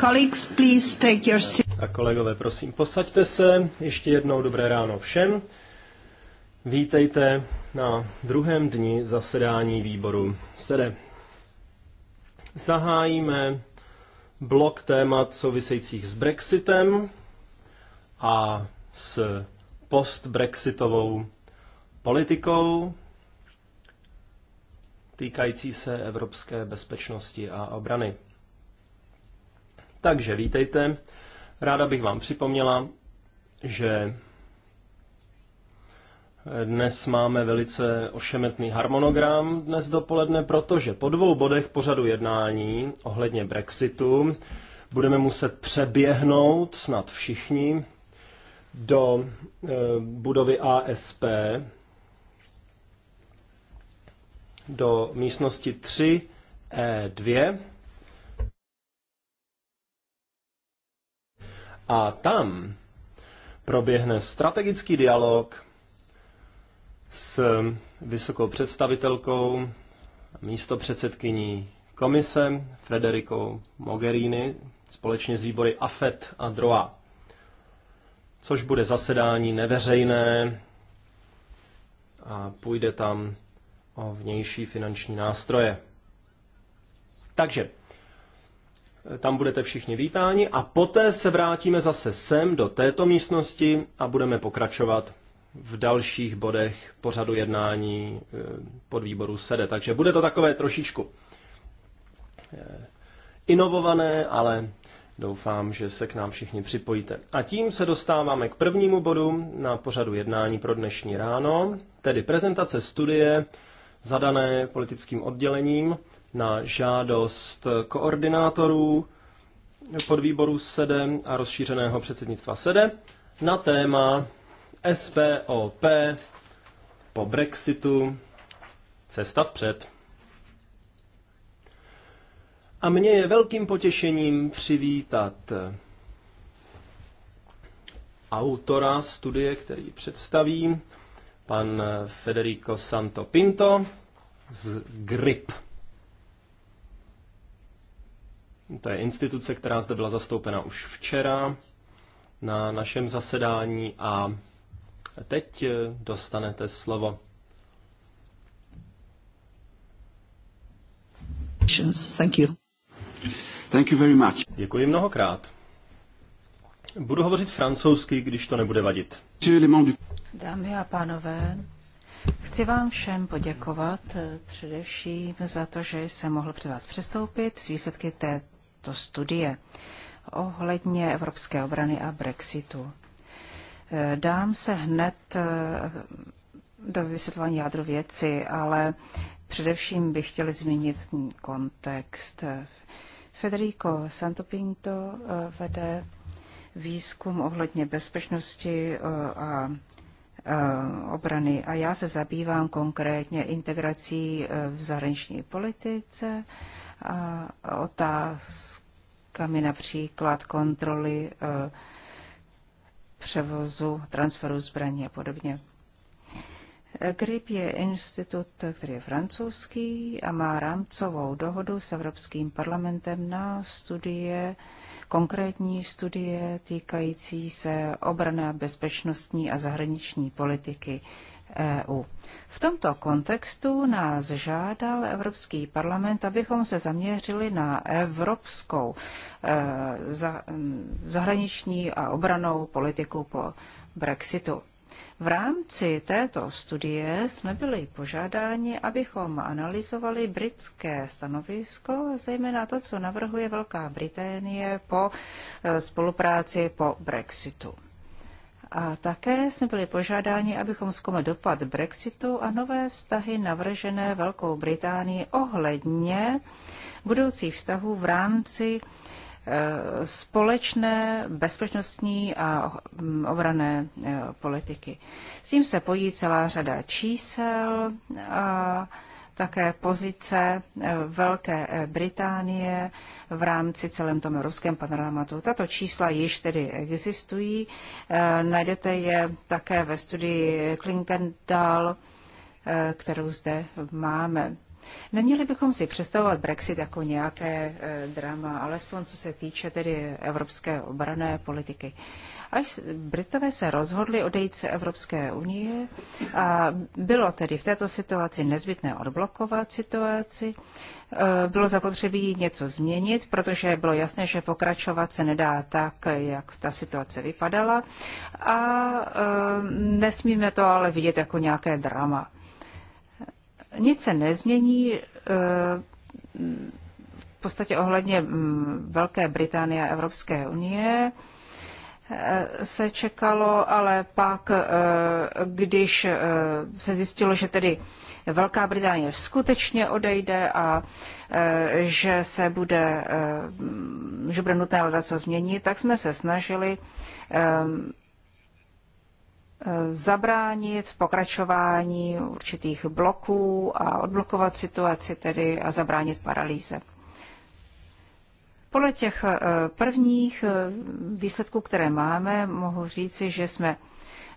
Colleagues, please take your seat. A kolegové, prosím, posaďte se. Ještě jednou dobré ráno všem. Vítejte na druhém dni zasedání výboru SEDE. Zahájíme blok témat souvisejících s Brexitem a s post brexitovou politikou týkající se evropské bezpečnosti a obrany. Takže vítejte. Ráda bych vám připomněla, že dnes máme velice ošemetný harmonogram dnes dopoledne, protože po dvou bodech pořadu jednání ohledně Brexitu budeme muset přeběhnout snad všichni do eh, budovy ASP, do místnosti 3E2 A tam proběhne strategický dialog s vysokou představitelkou, místo předsedkyní komise Frederikou Mogherini společně s výbory AFET a DROA, což bude zasedání neveřejné a půjde tam o vnější finanční nástroje. Takže tam budete všichni vítáni a poté se vrátíme zase sem do této místnosti a budeme pokračovat v dalších bodech pořadu jednání eh, pod výboru SEDE. Takže bude to takové trošičku eh, inovované, ale doufám, že se k nám všichni připojíte. A tím se dostáváme k prvnímu bodu na pořadu jednání pro dnešní ráno, tedy prezentace studie zadané politickým oddělením na žádost koordinátorů podvýboru SEDE a rozšířeného předsednictva SEDE na téma SPOP po Brexitu cesta vpřed. A mně je velkým potěšením přivítat autora studie, který představí, pan Federico Santo Pinto z GRIP. To je instituce, která zde byla zastoupena už včera na našem zasedání a teď eh, dostanete slovo. Thank you. Thank you very much. Děkuji mnohokrát. Budu hovořit francouzsky, když to nebude vadit. Dámy a pánové, Chci vám všem poděkovat eh, především za to, že jsem mohl před vás přestoupit s výsledky té této studie ohledně evropské obrany a Brexitu. Eh, dám se hned eh, do vysvětlování jádru věci, ale především bych chtěl zmínit kontext. Federico Santopinto eh, vede výzkum ohledně bezpečnosti a obrany a já se zabývám konkrétně integrací v zahraniční politice otázkami například kontroly e, převozu, transferu zbraní a podobně. GRIP je institut, který je francouzský a má rámcovou dohodu s Evropským parlamentem na studie, konkrétní studie týkající se obrané, bezpečnostní a zahraniční politiky EU. V tomto kontextu nás žádal Evropský parlament, abychom se zaměřili na evropskou eh, mm, zahraniční a obranou politiku po Brexitu. V rámci této studie jsme byli požádáni, abychom analyzovali britské stanovisko, zejména to, co navrhuje Velká Británie po eh, spolupráci po Brexitu. A také jsme byli požádáni, abychom zkoumali dopad Brexitu a nové vztahy navržené Velkou Británii ohledně budoucích vztahů v rámci eh, společné bezpečnostní a obrané eh, politiky. S tím se pojí celá řada čísel a také pozice eh, Velké eh, Británie v rámci celém tom ruském panoramatu. Tato čísla již tedy existují. Eh, najdete je také ve studii Klinkendal, kterou zde máme. Neměli bychom si představovat Brexit jako nějaké drama, alespoň co se týče tedy evropské obrané politiky. Až Britové se rozhodli odejít se Evropské unie, a bylo tedy v této situaci nezbytné odblokovat situaci, eh, bylo zapotřebí něco změnit, protože bylo jasné, že pokračovat se nedá tak, jak ta situace vypadala a eh, nesmíme to ale vidět jako nějaké drama. Nic se nezmění, eh, v podstatě ohledně mm, Velké Británie a Evropské unie. Eh, se čekalo, ale pak, eh, když eh, se zjistilo, že tedy Velká Británie skutečně odejde a že se bude, že bude nutné hledat co změnit, tak jsme se snažili zabránit pokračování určitých bloků a odblokovat situaci tedy a zabránit paralýze. Podle těch eh, prvních eh, výsledků, které máme, mohu říci, že jsme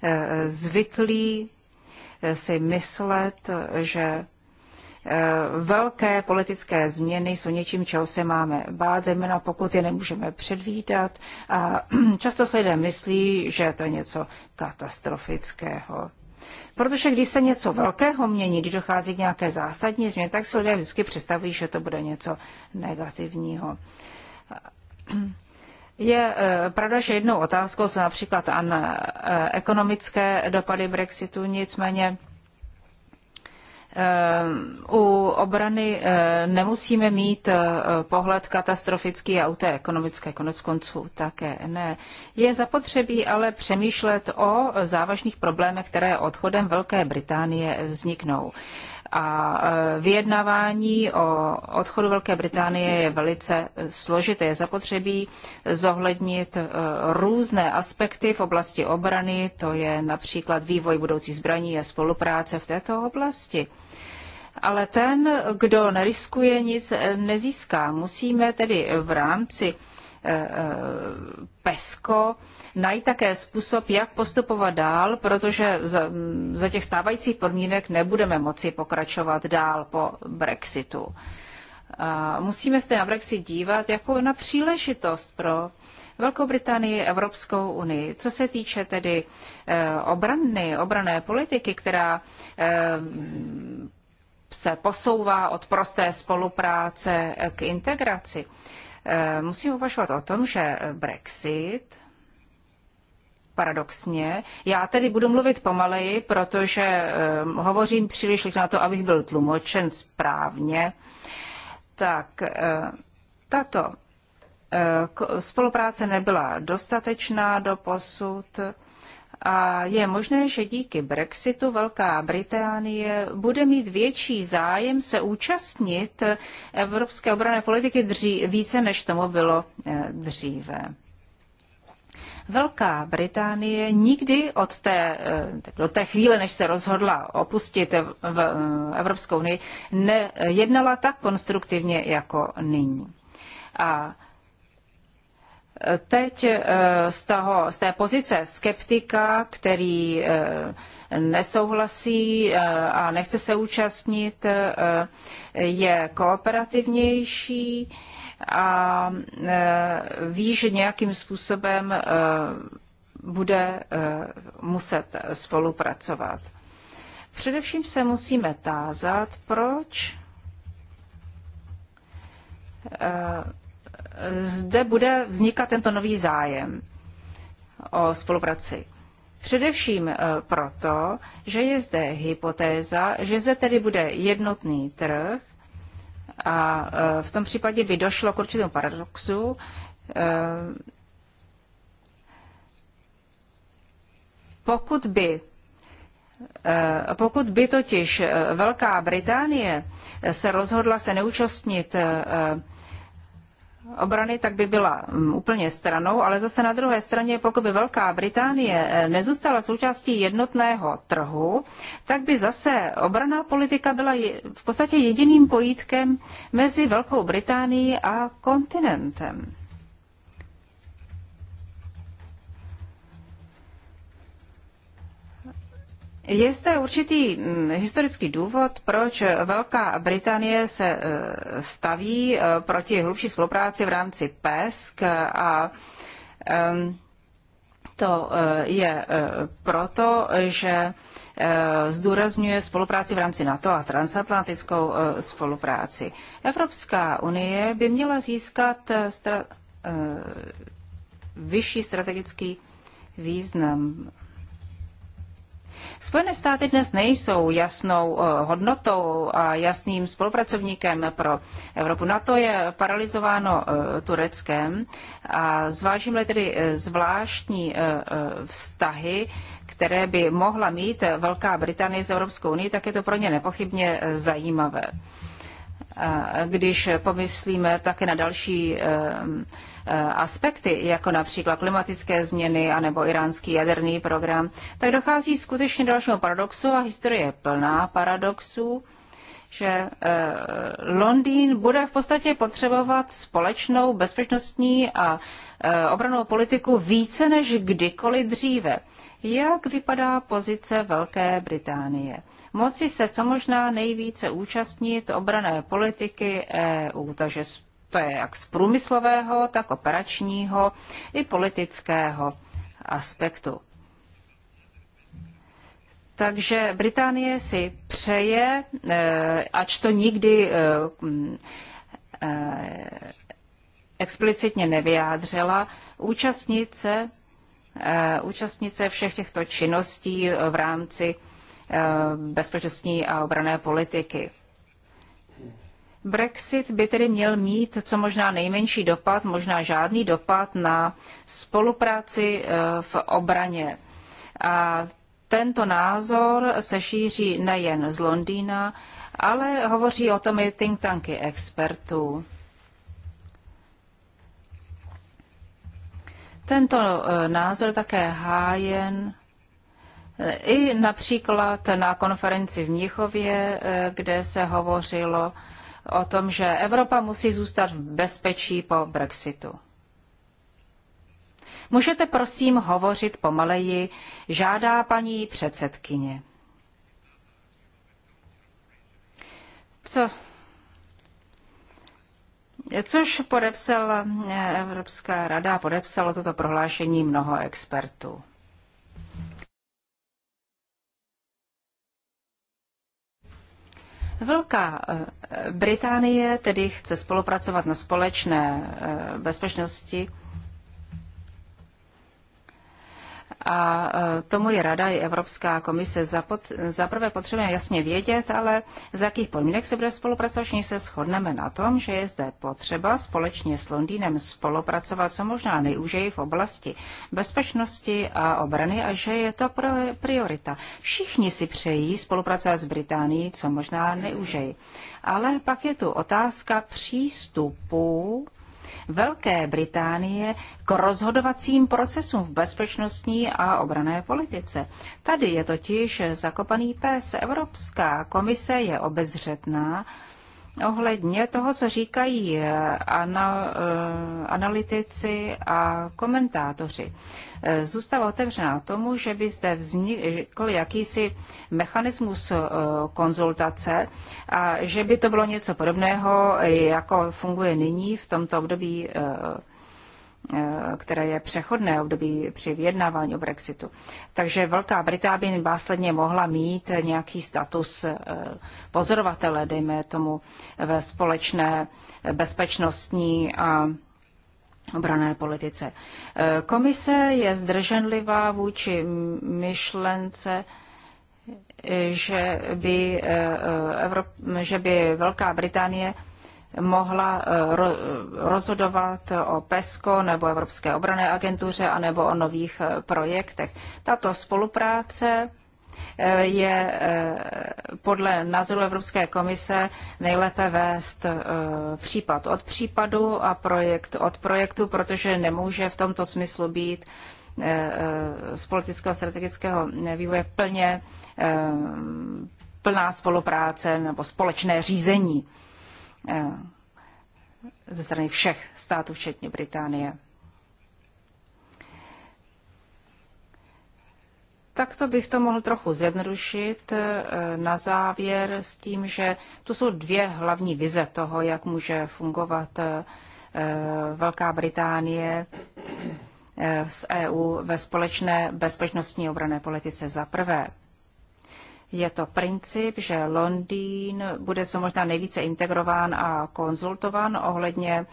eh, zvyklí si myslet, že velké politické změny jsou něčím, čeho se máme bát, zejména pokud je nemůžeme předvídat. A často se lidé myslí, že je to něco katastrofického. Protože když se něco velkého mění, když dochází k nějaké zásadní změně, tak se lidé vždycky představují, že to bude něco negativního. Je eh, pravda, že jednou otázkou jsou například an, eh, ekonomické dopady Brexitu, nicméně eh, u obrany nemusíme mít pohled katastrofický a u té ekonomické konec konců také ne. Je zapotřebí ale přemýšlet o závažných problémech, které odchodem Velké Británie vzniknou. A e, vyjednávání o odchodu Velké Británie je velice e, složité. Je zapotřebí zohlednit e, různé aspekty v oblasti obrany, to je například vývoj budoucí zbraní a spolupráce v této oblasti. Ale ten, kdo neriskuje, nic nezíská. Musíme tedy v rámci PESCO najít také způsob, jak postupovat dál, protože za, za těch stávajících podmínek nebudeme moci pokračovat dál po Brexitu. A musíme se na Brexit dívat jako na příležitost pro Velkou Británii, Evropskou unii. Co se týče tedy eh, obranné obrané politiky, která eh, se posouvá od prosté spolupráce k integraci, eh, musíme uvažovat o tom, že Brexit paradoxně. Já tedy budu mluvit pomaleji, protože um, hovořím příliš na to, abych byl tlumočen správně. Tak uh, tato uh, spolupráce nebyla dostatečná do posud. A je možné, že díky Brexitu Velká Británie bude mít větší zájem se účastnit evropské obrané politiky dří, více, než tomu bylo eh, dříve. Velká Británie nikdy od té, eh, do té chvíle, než se rozhodla opustit v eh, Evropskou unii, nejednala tak konstruktivně jako nyní. A eh, teď z, toho, z té pozice skeptika, který nesouhlasí a nechce se účastnit, je kooperativnější a e, ví, že nějakým způsobem e, bude e, muset spolupracovat. Především se musíme tázat, proč zde bude vznikat tento nový zájem o spolupráci. Především proto, že je zde hypotéza, že zde tedy bude jednotný trh, a e, v tom případě by došlo k určitému paradoxu. E, pokud by e, pokud by totiž Velká Británie se rozhodla se neúčastnit obrany, tak by byla mm, úplně stranou, ale zase na druhé straně, pokud by Velká Británie eh, nezůstala součástí jednotného trhu, tak by zase obraná politika byla v podstatě jediným pojítkem mezi Velkou Británií a kontinentem. Je zde určitý mm, historický důvod, proč Velká Británie se e, staví e, proti hlubší spolupráci v rámci PESK a to e, je proto, že zdůrazňuje spolupráci v rámci NATO a transatlantickou spolupráci. Evropská unie by měla získat stra- vyšší strategický význam Spojené státy dnes nejsou jasnou eh, hodnotou a jasným spolupracovníkem pro Evropu. Na to je paralizováno eh, Tureckem a zvážíme tedy eh, zvláštní vztahy, které by mohla mít Velká Británie s Evropskou unii, tak je to pro ně nepochybně zajímavé když pomyslíme také na další eh, aspekty, jako například klimatické změny anebo iránský jaderný program, tak dochází skutečně dalšímu paradoxu a historie je plná paradoxů že eh, Londýn bude v podstatě potřebovat společnou bezpečnostní a eh, obranou politiku více než kdykoliv dříve. Jak vypadá pozice Velké Británie? Moci se co možná nejvíce účastnit obrané politiky EU, takže to je jak z průmyslového, tak operačního i politického aspektu. Takže Británie si přeje, eh, ač to nikdy eh, eh, explicitně nevyjádřila, účastnit se, účastnit se všech těchto činností v rámci bezpečnostní a obrané politiky. Brexit by tedy měl mít co možná nejmenší dopad, možná žádný dopad na spolupráci v obraně. A tento názor se šíří nejen z Londýna, ale hovoří o tom i think tanky expertů. Tento eh, názor také hájen eh, i například na konferenci v Mnichově, eh, kde se hovořilo o tom, že Evropa musí zůstat v bezpečí po Brexitu. Můžete prosím hovořit pomaleji, žádá paní předsedkyně. Co? Což podepsala eh, Evropská rada, podepsalo toto prohlášení mnoho expertů. Velká eh, Británie tedy chce spolupracovat na společné eh, bezpečnosti A e, tomu je Rada i Evropská komise. Za prvé potřebujeme jasně vědět, ale za jakých podmínek se bude spolupracovat, všichni se shodneme na tom, že je zde potřeba společně s Londýnem spolupracovat co možná nejúžeji v oblasti bezpečnosti a obrany a že je to priorita. Všichni si přejí spolupracovat s Británií co možná nejúžeji. Ale pak je tu otázka přístupu Velké Británie k rozhodovacím procesům v bezpečnostní a obrané politice. Tady je totiž zakopaný pes. Evropská komise je obezřetná ohledně toho, co říkají eh, anal, eh, analytici a komentátoři. Eh, zůstala otevřená tomu, že by zde vznikl jakýsi mechanismus konzultace a že by to bylo něco podobného, jako funguje nyní v tomto období Eh, které je přechodné období při vyjednávání o Brexitu. Takže Velká Británie by následně mohla mít nějaký status eh, pozorovatele, dejme tomu, ve společné bezpečnostní a obrané politice. Eh, komise je zdrženlivá vůči myšlence, že by, Evrop, že by Velká Británie mohla eh, rozhodovat o PESCO nebo Evropské obrané agentuře nebo o nových eh, projektech. Tato spolupráce eh, je podle názoru Evropské komise nejlépe vést případ od případu a projekt od projektu, protože nemůže v tomto smyslu být z politického a strategického vývoje plně plná spolupráce nebo společné řízení. Eh, ze strany všech států, včetně Británie. Takto bych to mohl trochu zjednodušit eh, na závěr s tím, že tu jsou dvě hlavní vize toho, jak může fungovat eh, Velká Británie z EU ve společné bezpečnostní obrané politice za prvé. Je to princip, že Londýn bude co možná nejvíce integrován a konzultován ohledně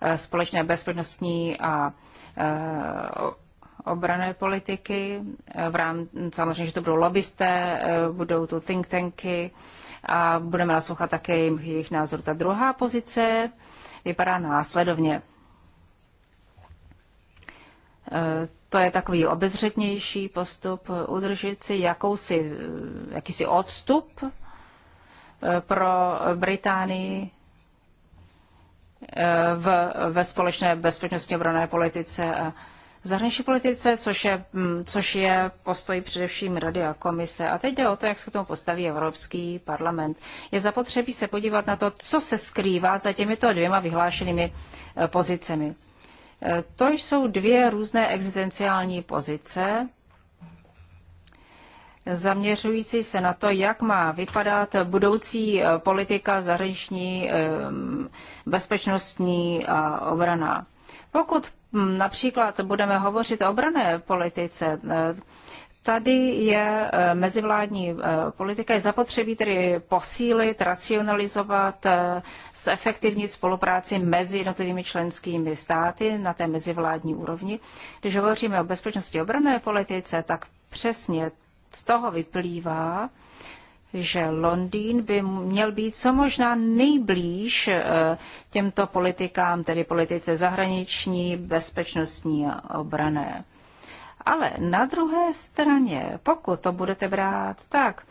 eh, společné bezpečnostní a eh, obrané politiky. Eh, v rám, samozřejmě, že to budou lobbysté, budou to think tanky a budeme naslouchat také jejich názor. Ta druhá pozice vypadá následovně. To je takový obezřetnější postup, udržet si jakousi, jakýsi odstup eh, pro Británii eh, v, ve společné bezpečnostní obrané politice a zahraniční politice, což je, mm, což je postoj především Rady a komise. A teď jde o to, jak se k tomu postaví Evropský parlament. Je zapotřebí se podívat na to, co se skrývá za těmito dvěma vyhlášenými eh, pozicemi. To jsou dvě různé existenciální pozice, zaměřující se na to, jak má vypadat budoucí eh, politika zahraniční, eh, bezpečnostní a obrana. Pokud hm, například budeme hovořit o obrané politice, eh, Tady je eh, mezivládní eh, politika, je zapotřebí tedy posílit, racionalizovat, eh, zefektivnit spolupráci mezi jednotlivými členskými státy na té mezivládní úrovni. Když hovoříme o bezpečnosti obrané politice, tak přesně z toho vyplývá, že Londýn by měl být co možná nejblíž těmto politikám, tedy politice zahraniční, bezpečnostní a obrané. Ale na druhé straně, pokud to budete brát tak,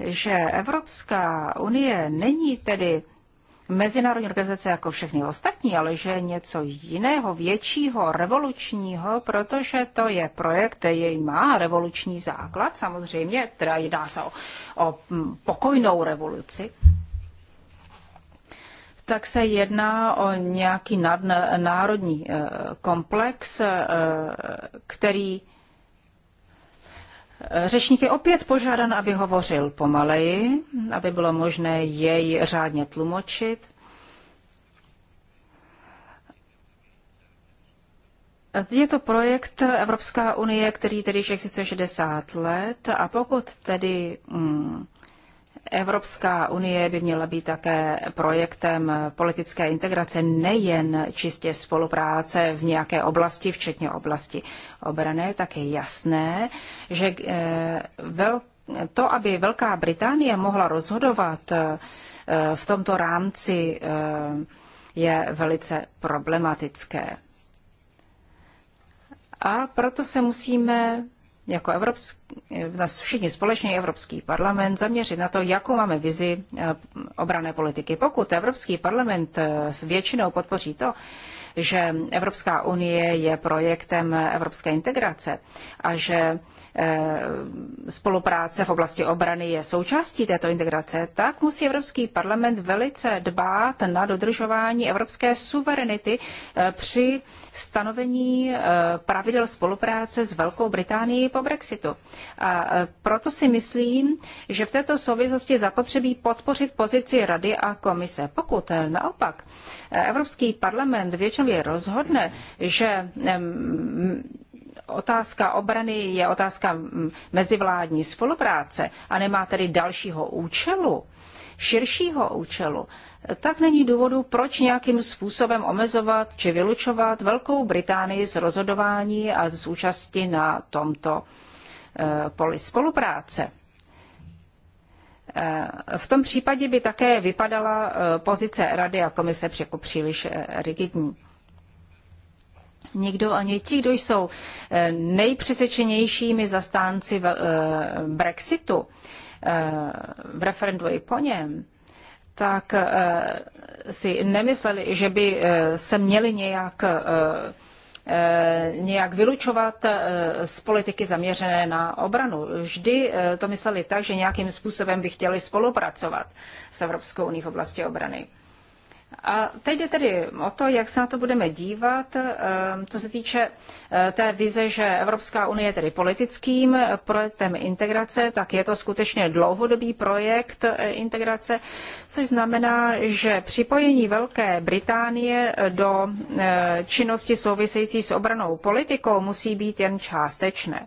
že Evropská unie není tedy mezinárodní organizace jako všechny ostatní, ale že je něco jiného, většího, revolučního, protože to je projekt, který má revoluční základ, samozřejmě, teda jedná se o, o mm, pokojnou revoluci, tak se jedná o nějaký nadnárodní eh, komplex, eh, který Řečník je opět požádan, aby hovořil pomaleji, aby bylo možné jej řádně tlumočit. Je to projekt Evropská unie, který tedy existuje 60 let a pokud tedy hmm, Evropská unie by měla být také projektem politické integrace, nejen čistě spolupráce v nějaké oblasti, včetně oblasti obrany, tak je jasné, že eh, to, aby Velká Británie mohla rozhodovat eh, v tomto rámci, eh, je velice problematické. A proto se musíme jako Evropský, všichni společně Evropský parlament zaměřit na to, jakou máme vizi eh, obrané politiky. Pokud Evropský parlament eh, s většinou podpoří to, že Evropská unie je projektem evropské integrace a že eh, spolupráce v oblasti obrany je součástí této integrace, tak musí Evropský parlament velice dbát na dodržování evropské suverenity eh, při stanovení eh, pravidel spolupráce s Velkou Británií po Brexitu. A proto si myslím, že v této souvislosti zapotřebí podpořit pozici Rady a komise. Pokud naopak Evropský parlament většinou Wallströmově rozhodne, že otázka obrany je otázka mezivládní spolupráce a nemá tedy dalšího účelu, širšího účelu, tak není důvodu, proč nějakým způsobem omezovat či vylučovat Velkou Británii z rozhodování a z účasti na tomto e, poli spolupráce. E, v tom případě by také vypadala e, pozice Rady a komise jako příliš rigidní. Nikdo ani ti, kdo jsou eh, nejpřesvědčenějšími zastánci eh, Brexitu eh, v referendu i po něm, tak si nemysleli, že by se měli nějak nějak vylučovat z politiky zaměřené na obranu. Vždy to mysleli tak, že nějakým způsobem by chtěli spolupracovat s Evropskou uní v oblasti obrany. A teď jde tedy o to, jak se na to budeme dívat, ehm, co se týče eh, té vize, že Evropská unie je tedy politickým eh, projektem integrace, tak je to skutečně dlouhodobý projekt eh, integrace, což znamená, že připojení Velké Británie do činnosti související s obranou politikou musí být jen částečné.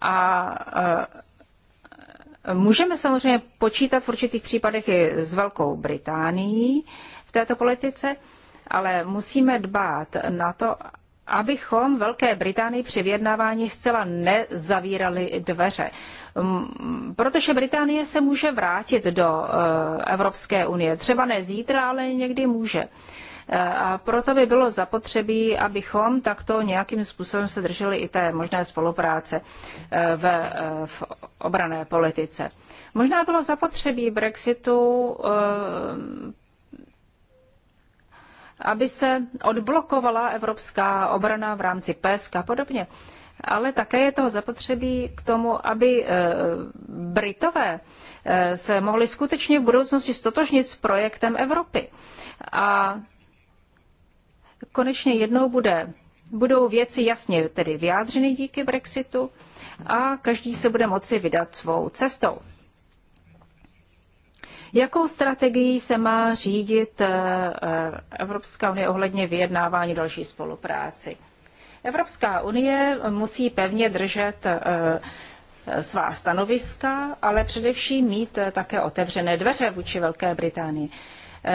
A Můžeme samozřejmě počítat v určitých případech i s Velkou Británií, v této politice, ale musíme dbát na to, abychom Velké Británii při vyjednávání zcela nezavírali dveře. Protože Británie se může vrátit do eh, Evropské unie, třeba ne zítra, ale někdy může. Eh, a proto by bylo zapotřebí, abychom takto nějakým způsobem se drželi i té možné spolupráce eh, v, v obrané politice. Možná bylo zapotřebí Brexitu aby se odblokovala evropská obrana v rámci PESK a podobně. Ale také je toho zapotřebí k tomu, aby eh, Britové eh, se mohli skutečně v budoucnosti stotožnit s projektem Evropy. A konečně jednou bude, budou věci jasně tedy vyjádřeny díky Brexitu a každý se bude moci vydat svou cestou. Jakou strategií se má řídit eh, eh, Evropská unie ohledně vyjednávání další spolupráci? Evropská unie musí pevně držet eh, svá stanoviska, ale především mít také otevřené dveře vůči Velké Británii.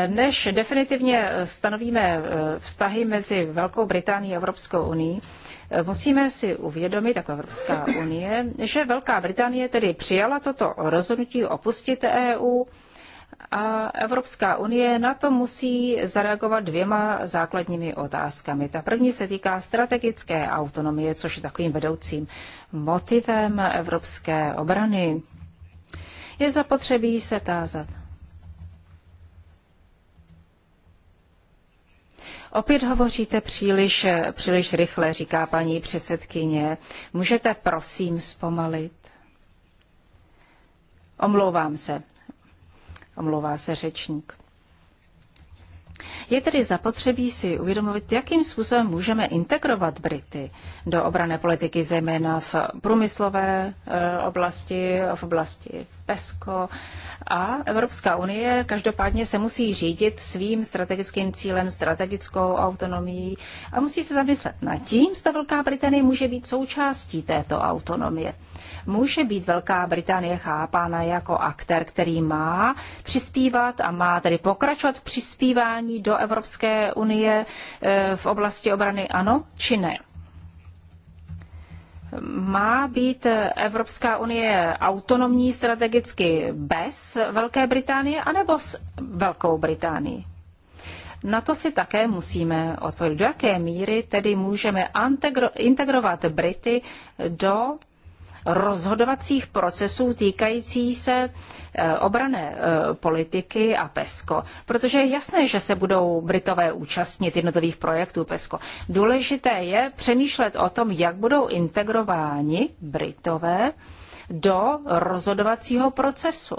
Než definitivně stanovíme vztahy mezi Velkou Británií a Evropskou unii, musíme si uvědomit, jako Evropská unie, že Velká Británie tedy přijala toto rozhodnutí opustit EU a Evropská unie na to musí zareagovat dvěma základními otázkami. Ta první se týká strategické autonomie, což je takovým vedoucím motivem evropské obrany. Je zapotřebí se tázat. Opět hovoříte příliš, příliš rychle, říká paní předsedkyně. Můžete prosím zpomalit? Omlouvám se, omlouvá se řečník. Je tedy zapotřebí si uvědomit, jakým způsobem můžeme integrovat Brity do obrané politiky, zejména v průmyslové eh, oblasti, v oblasti PESCO a Evropská unie každopádně se musí řídit svým strategickým cílem, strategickou autonomií a musí se zamyslet nad tím, zda Velká Británie může být součástí této autonomie. Může být Velká Británie chápána jako aktér, který má přispívat a má tedy pokračovat v přispívání do Evropské unie eh, v oblasti obrany ano či ne? Má být Evropská unie autonomní strategicky bez Velké Británie anebo s Velkou Británií? Na to si také musíme odpovědět, do jaké míry tedy můžeme integrovat Brity do rozhodovacích procesů týkající se eh, obrané eh, politiky a PESCO. Protože je jasné, že se budou Britové účastnit jednotlivých projektů PESCO. Důležité je přemýšlet o tom, jak budou integrováni Britové do rozhodovacího procesu.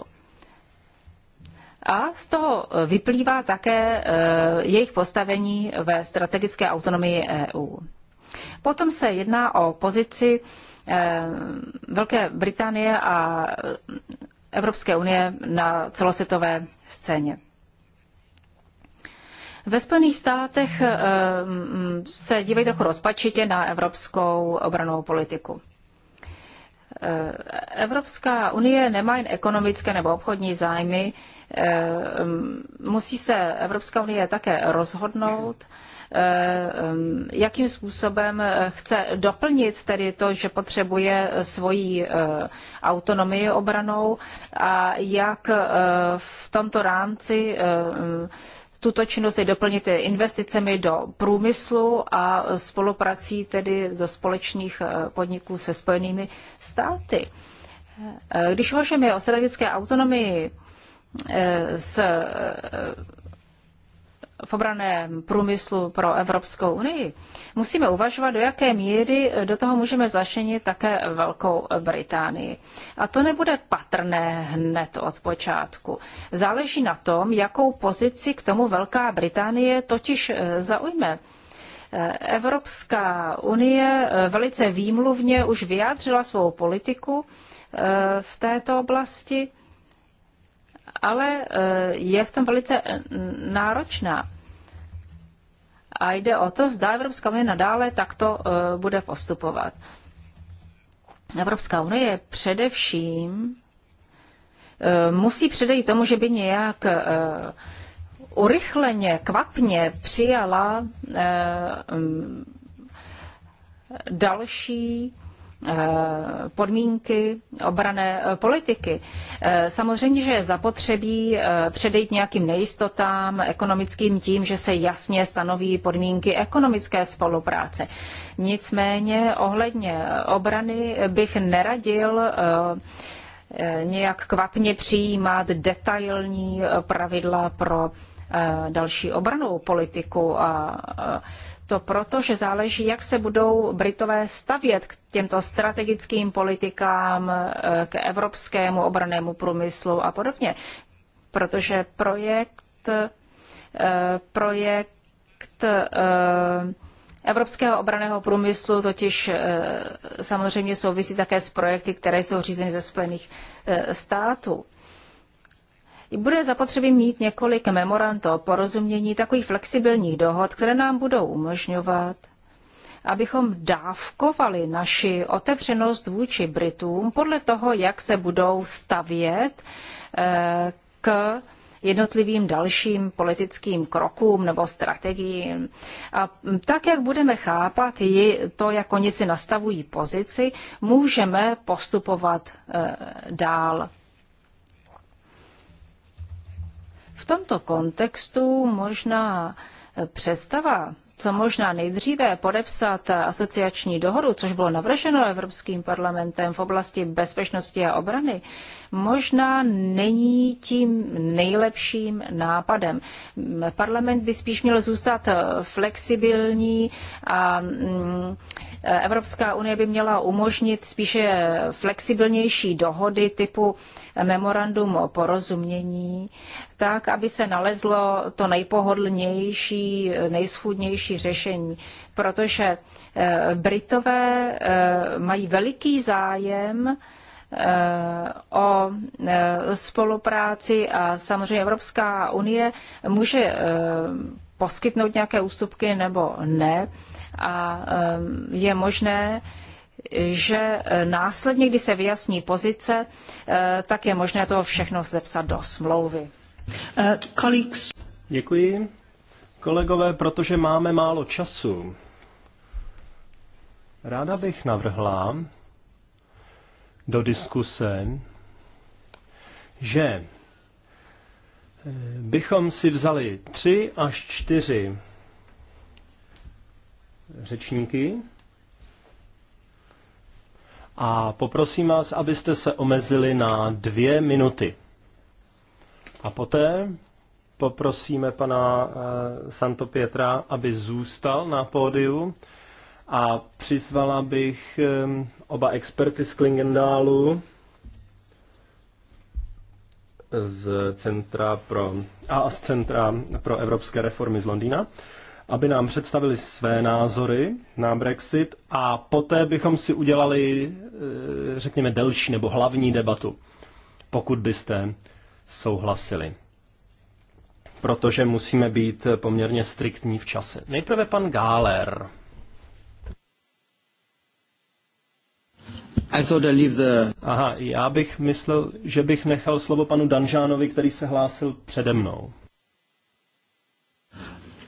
A z toho vyplývá také eh, jejich postavení ve strategické autonomii EU. Potom se jedná o pozici Eh, Velké Británie a Evropské unie na celosvětové scéně. Ve Spojených státech eh, se dívají trochu rozpačitě na evropskou obranou politiku. Eh, Evropská unie nemá jen ekonomické nebo obchodní zájmy, musí se Evropská unie také rozhodnout, Eh, jakým způsobem eh, chce doplnit tedy to, že potřebuje eh, svoji autonomii obranou a jak v tomto rámci tuto činnost je doplnit investicemi do průmyslu a spoluprací tedy do společných podniků se spojenými státy. Když hovoříme o strategické autonomii s v obraném průmyslu pro Evropskou unii, musíme uvažovat, do jaké míry do toho můžeme zašenit také Velkou Británii. A to nebude patrné hned od počátku. Záleží na tom, jakou pozici k tomu Velká Británie totiž eh, zaujme. Eh, Evropská unie eh, velice výmluvně už vyjádřila svou politiku v této oblasti ale e, je v tom velice e, náročná. A jde o to, zda Evropská unie nadále takto e, bude postupovat. Evropská unie především musí předejít tomu, že by nějak urychleně, kvapně přijala další Eh, podmínky obrané eh, politiky. Eh, samozřejmě, že je zapotřebí předejít nějakým nejistotám ekonomickým tím, že se jasně stanoví podmínky ekonomické spolupráce. Nicméně ohledně obrany bych neradil nějak kvapně přijímat detailní pravidla pro další obranou politiku a to proto, že záleží, jak se budou Britové stavět k těmto strategickým politikám, e, k evropskému obranému průmyslu a podobně. Protože projekt, e, projekt e, evropského obraného průmyslu totiž samozřejmě souvisí také s projekty, které jsou řízeny ze Spojených států bude zapotřebí mít několik memorand o porozumění takových flexibilních dohod, které nám budou umožňovat, abychom dávkovali naši otevřenost vůči Britům podle toho, jak se budou stavět eh, k jednotlivým dalším politickým krokům nebo strategiím. A tak, jak budeme chápat i to, jak oni si nastavují pozici, můžeme postupovat eh, dál. V tomto kontextu možná představa, co možná nejdříve podepsat asociační dohodu, což bylo navrženo Evropským parlamentem v oblasti bezpečnosti a obrany, možná není tím nejlepším nápadem. Parlament by spíš měl zůstat flexibilní a mm, Eh, Evropská unie by měla umožnit spíše flexibilnější dohody typu memorandum porozumění, tak, aby se nalezlo to nejpohodlnější, nejschůdnější řešení, protože eh, Britové eh, mají veliký zájem o spolupráci a samozřejmě Evropská unie může poskytnout nějaké ústupky nebo ne a je možné, že e, následně, když se vyjasní pozice, e, tak je možné to všechno zepsat do smlouvy. E, Děkuji. Kolegové, protože máme málo času, ráda bych navrhla do diskuse, že bychom si vzali tři až čtyři řečníky. A poprosím vás, abyste se omezili na dvě minuty. A poté poprosíme pana eh, Santo Pietra, aby zůstal na pódiu a přizvala bych eh, oba experty z Klingendálu z Centra pro, a z Centra pro evropské reformy z Londýna aby nám představili své názory na Brexit a poté bychom si udělali, eh, řekněme, delší nebo hlavní debatu, pokud byste souhlasili. Protože musíme být poměrně striktní v čase. Nejprve pan Gáler. Aha, já bych myslel, že bych nechal slovo panu Danžánovi, který se hlásil přede mnou.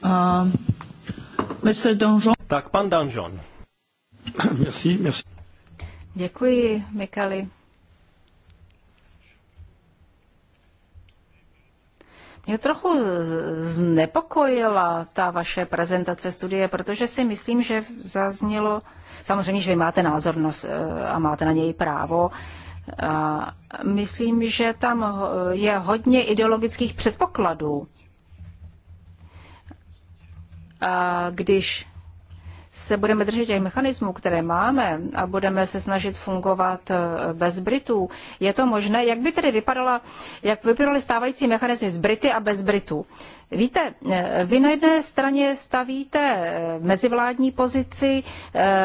Um, Mr. Donjon. Tak pan Merci, merci. Děkuji, Mikali. Mě trochu znepokojila ta vaše prezentace studie, protože si myslím, že zaznělo, samozřejmě, že vy máte názornost a máte na něj právo, a myslím, že tam je hodně ideologických předpokladů a když se budeme držet těch mechanismů, které máme a budeme se snažit fungovat e, bez Britů, je to možné? Jak by tedy vypadala, jak vypadaly stávající mechanismy s Brity a bez Britů? Víte, e, vy na jedné straně stavíte e, mezivládní pozici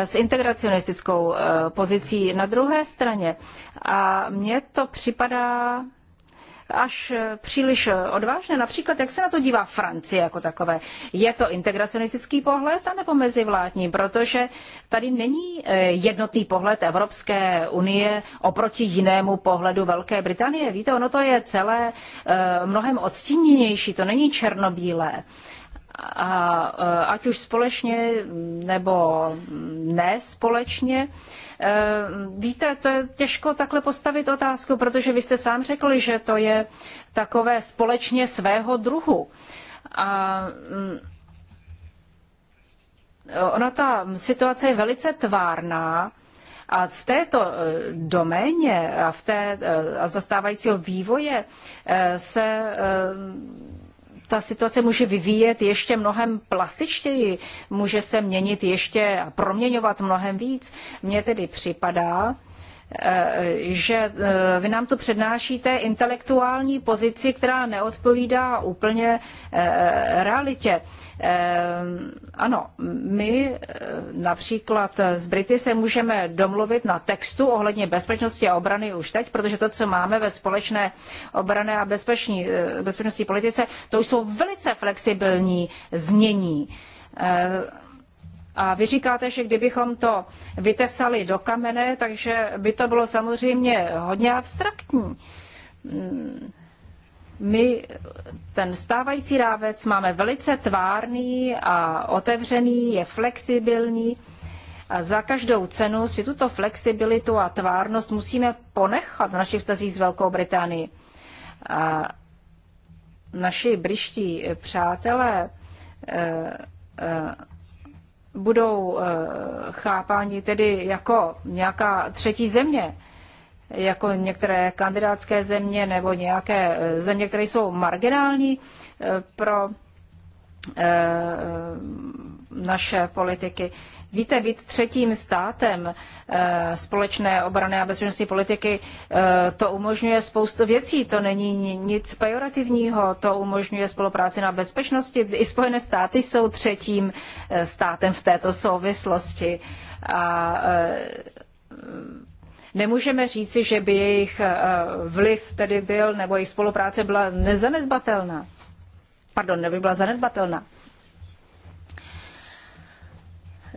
s integracionistickou pozicí na druhé straně a mně to připadá až eh, příliš eh, odvážné. Například, jak se na to dívá Francie jako takové? Je to integracionistický pohled anebo mezivládní? Protože tady není eh, jednotný pohled Evropské unie oproti jinému pohledu Velké Británie. Víte, ono to je celé mnohem odstíněnější, to není černobílé a e, ať už společně nebo ne společně. E, víte, to je těžko takhle postavit otázku, protože vy jste sám řekli, že to je takové společně svého druhu. A mm, ona ta situace je velice tvárná, a v této e, doméně a v té a zastávajícího vývoje se ta situace může vyvíjet ještě mnohem plastičtěji, může se měnit ještě a proměňovat mnohem víc. Mně tedy připadá, Eh, že eh, vy nám tu přednášíte intelektuální pozici, která neodpovídá úplně eh, realitě. Ano, my například s Brity se můžeme domluvit na textu ohledně bezpečnosti a obrany už teď, protože to, co máme ve společné obrané a bezpeční, bezpečnostní politice, to už jsou velice flexibilní znění a vy říkáte, že kdybychom to vytesali do kamene, takže by to bylo samozřejmě hodně abstraktní. Mm, my ten stávající rávec máme velice tvárný a otevřený, je flexibilní. A za každou cenu si tuto flexibilitu a tvárnost musíme ponechat v našich vztazích s Velkou Británií. A naši briští přátelé e, e, budou eh, chápáni tedy jako nějaká třetí země, jako některé kandidátské země nebo nějaké eh, země, které jsou marginální eh, pro naše politiky. Víte, být třetím státem eh, společné obrany a bezpečnostní politiky, eh, to umožňuje spoustu věcí. To není nic pejorativního, to umožňuje spolupráci na bezpečnosti. I Spojené státy jsou třetím eh, státem v této souvislosti. A nemůžeme říci, že by jejich vliv tedy byl, nebo jejich spolupráce byla nezanedbatelná. Pardon, neby byla zanedbatelná.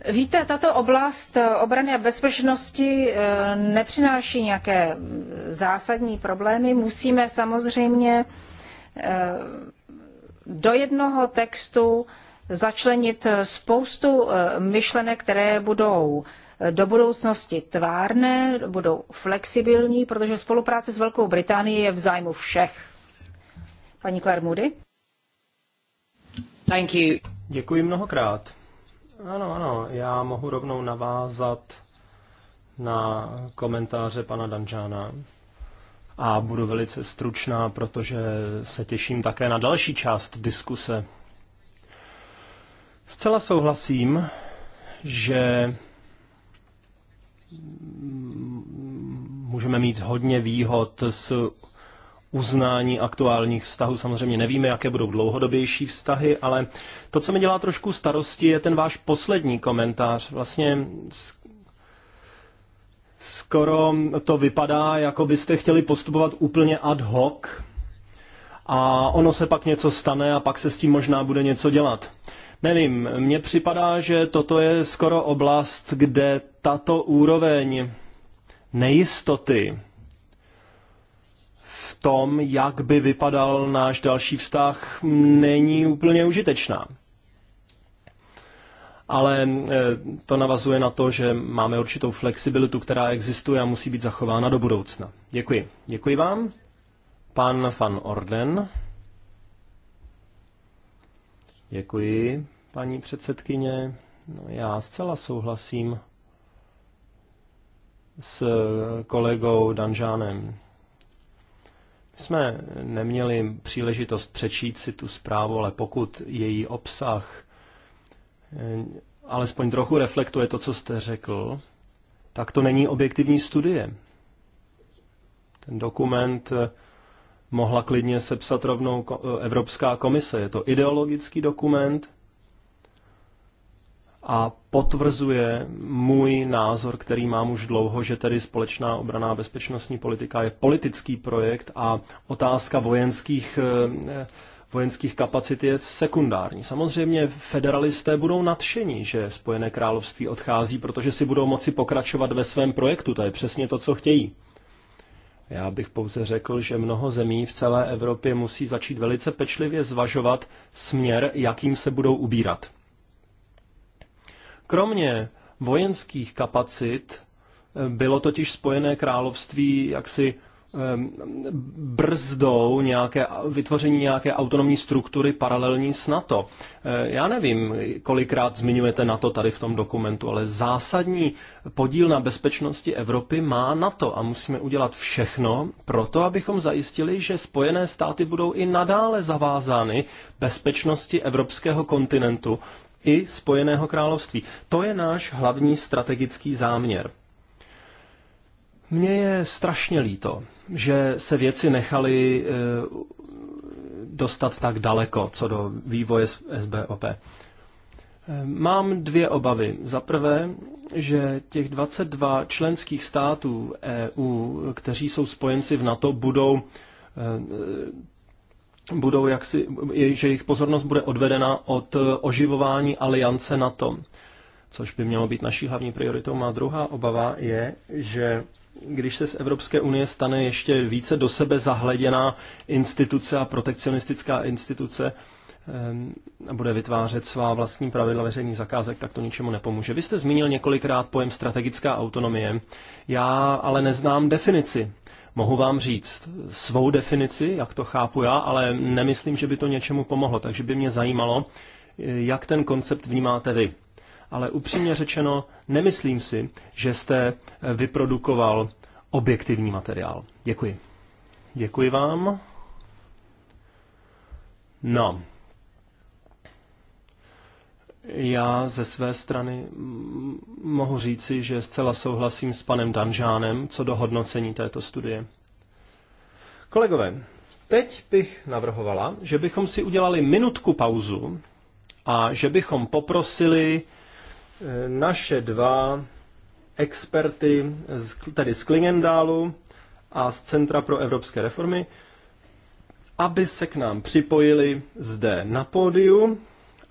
Víte, tato oblast obrany a bezpečnosti eh, nepřináší nějaké zásadní problémy. Musíme samozřejmě eh, do jednoho textu začlenit spoustu eh, myšlenek, které budou do budoucnosti tvárné, budou flexibilní, protože spolupráce s Velkou Británií je v zájmu všech. Paní Claire Moody. Thank you. Děkuji mnohokrát. Ano, ano, já mohu rovnou navázat na komentáře pana Danžána. A budu velice stručná, protože se těším také na další část diskuse. Zcela souhlasím, že můžeme mít hodně výhod s uznání aktuálních vztahů. Samozřejmě nevíme, jaké budou dlouhodobější vztahy, ale to, co mi dělá trošku starosti, je ten váš poslední komentář. Vlastně skoro to vypadá, jako byste chtěli postupovat úplně ad hoc a ono se pak něco stane a pak se s tím možná bude něco dělat. Nevím, mně připadá, že toto je skoro oblast, kde tato úroveň nejistoty tom, jak by vypadal náš další vztah, není úplně užitečná. Ale e, to navazuje na to, že máme určitou flexibilitu, která existuje a musí být zachována do budoucna. Děkuji. Děkuji vám. Pan Van Orden. Děkuji, paní předsedkyně. No, já zcela souhlasím s kolegou Danžánem jsme neměli příležitost přečít si tu zprávu, ale pokud její obsah eh, alespoň trochu reflektuje to, co jste řekl, tak to není objektivní studie. Ten dokument eh, mohla klidně sepsat rovnou eh, Evropská komise. Je to ideologický dokument, a potvrzuje můj názor, který mám už dlouho, že tedy společná obraná bezpečnostní politika je politický projekt a otázka vojenských, eh, vojenských kapacit je sekundární. Samozřejmě federalisté budou nadšení, že Spojené království odchází, protože si budou moci pokračovat ve svém projektu. To je přesně to, co chtějí. Já bych pouze řekl, že mnoho zemí v celé Evropě musí začít velice pečlivě zvažovat směr, jakým se budou ubírat Kromě vojenských kapacit eh, bylo totiž Spojené království jaksi eh, brzdou nějaké, vytvoření nějaké autonomní struktury paralelní s NATO. Eh, já nevím, kolikrát zmiňujete NATO tady v tom dokumentu, ale zásadní podíl na bezpečnosti Evropy má NATO a musíme udělat všechno pro to, abychom zajistili, že Spojené státy budou i nadále zavázány bezpečnosti evropského kontinentu i Spojeného království. To je náš hlavní strategický záměr. Mně je strašně líto, že se věci nechaly e, dostat tak daleko, co do vývoje SBOP. E, mám dvě obavy. Za prvé, že těch 22 členských států EU, kteří jsou spojenci v NATO, budou e, budou jaksi, že jejich pozornost bude odvedena od eh, oživování aliance NATO, což by mělo být naší hlavní prioritou. Má druhá obava je, že když se z Evropské unie stane ještě více do sebe zahleděná instituce a protekcionistická instituce, a bude vytvářet svá vlastní pravidla veřejných zakázek, tak to ničemu nepomůže. Vy jste zmínil několikrát pojem strategická autonomie. Já ale neznám definici. Mohu vám říct svou definici, jak to chápu já, ale nemyslím, že by to něčemu pomohlo, takže by mě zajímalo, jak ten koncept vnímáte vy. Ale upřímně řečeno, nemyslím si, že jste vyprodukoval objektivní materiál. Děkuji. Děkuji vám. No, já ze své strany mohu říci, že zcela souhlasím s panem Danžánem co do hodnocení této studie. Kolegové, teď bych navrhovala, že bychom si udělali minutku pauzu a že bychom poprosili eh, naše dva experty, tedy z Klingendálu a z Centra pro evropské reformy, aby se k nám připojili zde na pódiu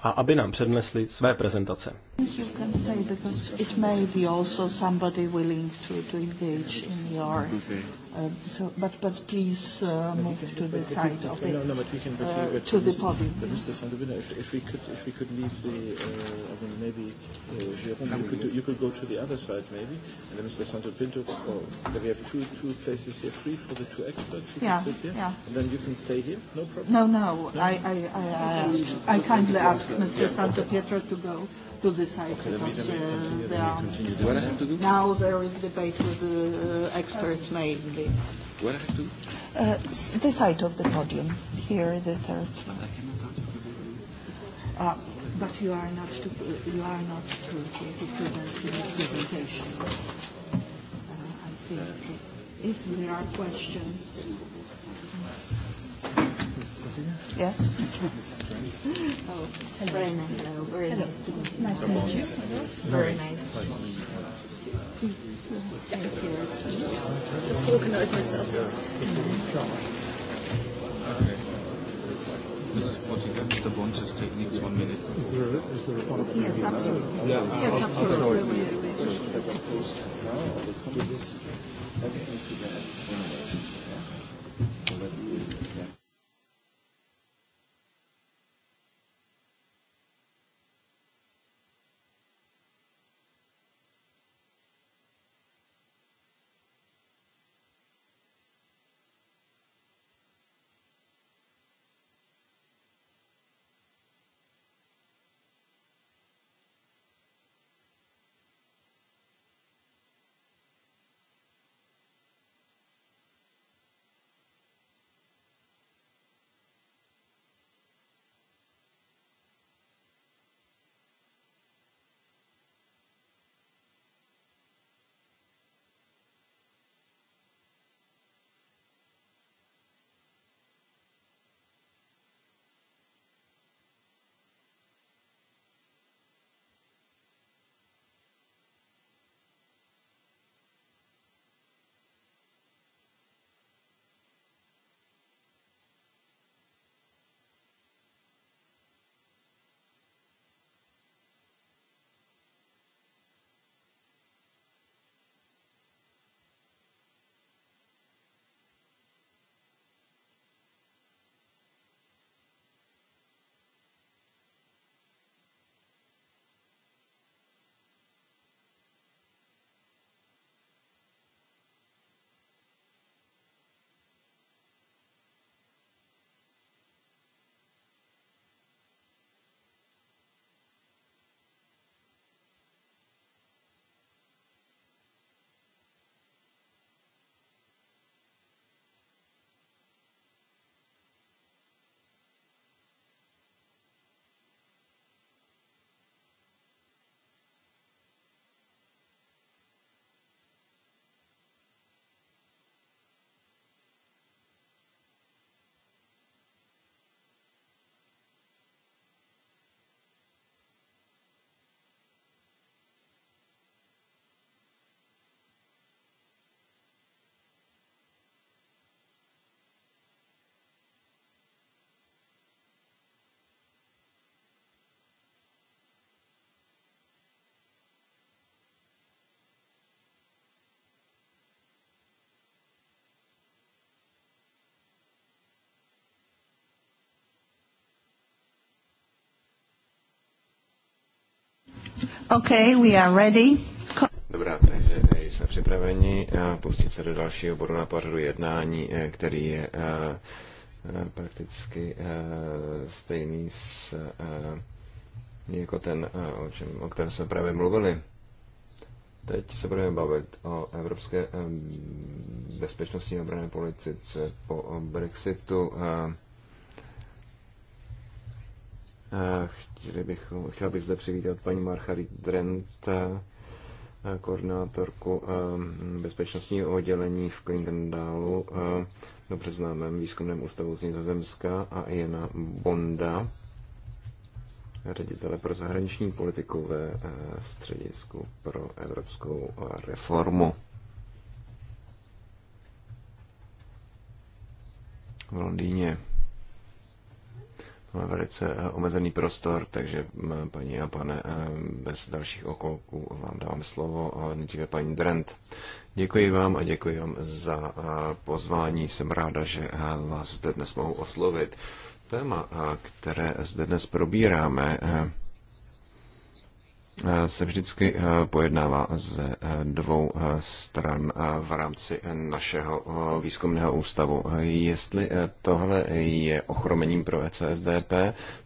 a aby nám přednesli své prezentace. You can stay because it may be also somebody willing to, to engage in your. Uh, um, so, but but please uh, move no, no, uh, to the side of the. uh, to the podium. But Mr. Sandovina, if, if we could, if we could leave the, uh, I mean, maybe uh, you could, do, you could go to the other side maybe, and then Mr. Santopinto. Oh, we have two two places here free for the two experts. You yeah, can sit here, yeah. And then you can stay here. No problem. No, no. no? I I I, I, I kindly ask Mr. Yeah, to go to decide okay, because uh, there are what I have to do? now there is debate with the uh, experts mainly. What I have to do? Uh, the side of the podium, here, the third. But Uh, but you are not to, uh, you are not to, uh, to present your presentation. Uh, I think if there are questions. Yes. Oh, very nice. Hello. Very Hello. nice to meet you. Nice to meet you. Very nice. Please. Thank you. Just organize myself. Mrs. Portiga, Mr. Bond just take needs one minute. Is there, is there a point Yes, absolutely. Yeah. Yes, absolutely. Everything together. Okay, we are ready. Dobrá, takže jsme připraveni eh, pustit se do dalšího bodu na pořadu jednání, eh, který je eh, prakticky stejný s, jako ten, o, čem, o kterém jsme právě mluvili. Teď se budeme bavit o evropské bezpečnostní obrané politice po Brexitu. A Chtěli bych, chtěl bych zde přivítat paní Marchary Drent, eh, koordinátorku eh, bezpečnostního oddělení v Klingendálu, eh, dobře známém výzkumném ústavu z Nizozemska, a Jena Bonda, ředitele pro zahraniční politiku ve středisku pro evropskou reformu. V Londýně. Máme velice eh, omezený prostor, takže mm, paní a pane, eh, bez dalších okolků vám dávám slovo. Nejdříve paní Drent. Děkuji vám a děkuji vám za eh, pozvání. Jsem ráda, že vás zde dnes mohu oslovit. Téma, které zde dnes probíráme, Eh, se vždycky eh, pojednává ze eh, dvou stran v rámci našeho výzkumného ústavu. Jestli tohle je ochromením pro ECSDP,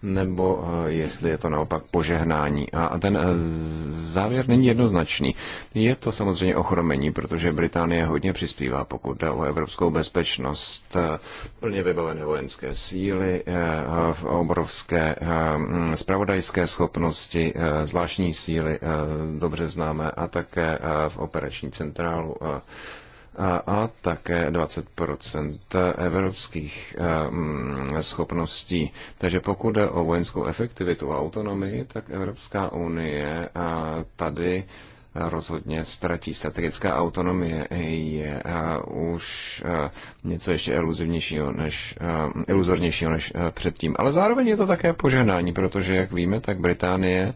nebo jestli je to naopak požehnání. A ten závěr není jednoznačný. Je to samozřejmě ochromení, protože Británie hodně přispívá, pokud jde o evropskou bezpečnost, plně vybavené vojenské síly, obrovské spravodajské schopnosti, zvláštní síly eh, dobře známe a také eh, v operační centrálu eh, a, a také 20 evropských mm, schopností. Takže pokud jde o vojenskou efektivitu a autonomii, tak Evropská unie tady rozhodně ztratí. Strategická autonomie je eh, už eh, něco ještě iluzivnějšího než, eh, iluzornějšího než předtím. Ale zároveň je to také požehnání, protože, jak víme, tak Británie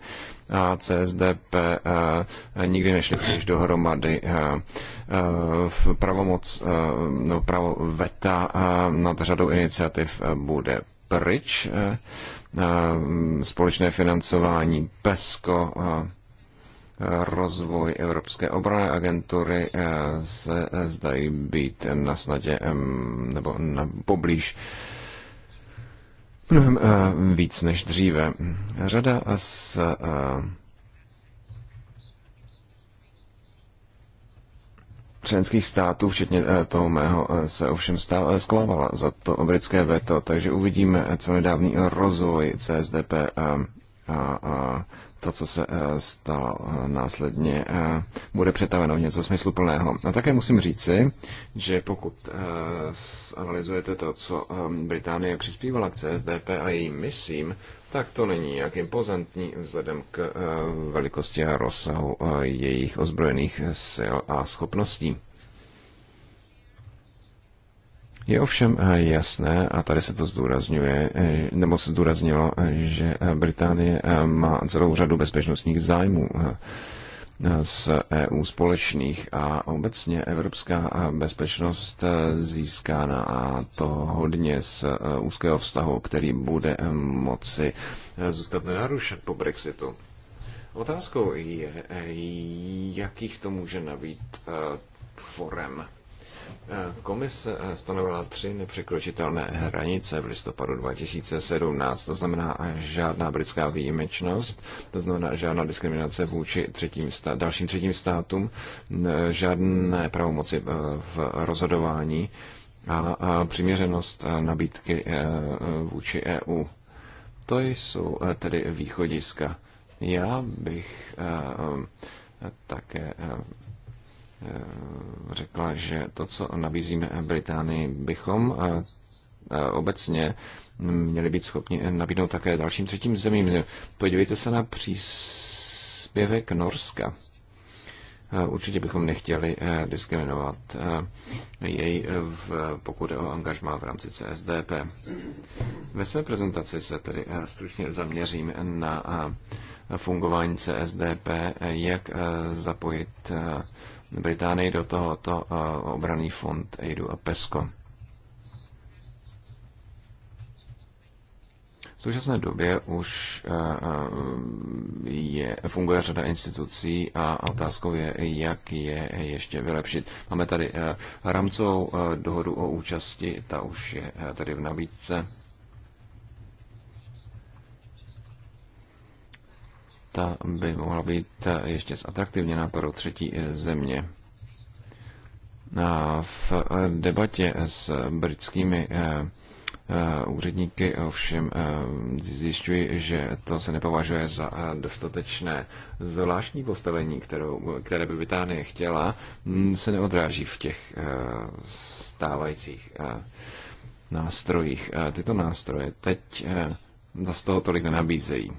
a CSDP nikdy nešli příliš dohromady. V Pravomoc, no, pravo veta nad řadou iniciativ bude pryč. Společné financování PESCO rozvoj Evropské obrané agentury eh, se eh, zdají být na snadě nebo na poblíž mnohem eh, víc než dříve. Řada z členských států, včetně toho mého, se ovšem stále sklávala za to britské veto, takže uvidíme, co nedávný rozvoj CSDP a, a to, co se e, stalo e, následně, e, bude přetaveno v něco smysluplného. A také musím říci, že pokud analyzujete to, co Británie přispívala k CSDP a jejím misím, tak to není jak impozantní vzhledem k velikosti a rozsahu jejich ozbrojených sil a schopností. Je ovšem eh, jasné, a tady se to zdůrazňuje, eh, nebo se zdůraznilo, eh, že Británie má celou řadu bezpečnostních zájmů z EU společných a obecně evropská bezpečnost získána a to hodně z úzkého vztahu, který bude moci zůstat nenarušen po Brexitu. Otázkou je, jakých to může nabít forem Komise stanovila tři nepřekročitelné hranice v listopadu 2017, to znamená žádná britská výjimečnost, to znamená žádná diskriminace vůči třetím stát, dalším třetím státům, žádné pravomoci e, v rozhodování a přiměřenost e, nabídky e, vůči EU. To jsou tedy východiska. Já bych také řekla, že to, co nabízíme Británii, bychom eh, eh, obecně měli být schopni nabídnout také dalším třetím zemím. Podívejte se na příspěvek Norska. Eh, určitě bychom nechtěli diskriminovat jej, v, pokud je o angažmá v rámci CSDP. Ve své prezentaci se tedy stručně zaměřím na fungování CSDP, jak zapojit Británii do tohoto eh, obraný fond EIDu a PESCO. V současné době už eh, eh, je, funguje řada institucí a otázkou je, jak je ještě vylepšit. Máme tady rámcovou dohodu o účasti, ta už je tady v nabídce ta by mohla být eh, ještě zatraktivněna pro třetí eh, země. V eh, debatě s britskými úředníky ovšem zjišťuji, že to se nepovažuje za dostatečné. Zvláštní postavení, kterou, které by Británie chtěla, mm, se neodráží v těch stávajících nástrojích. Tyto nástroje teď za toho tolik nenabízejí.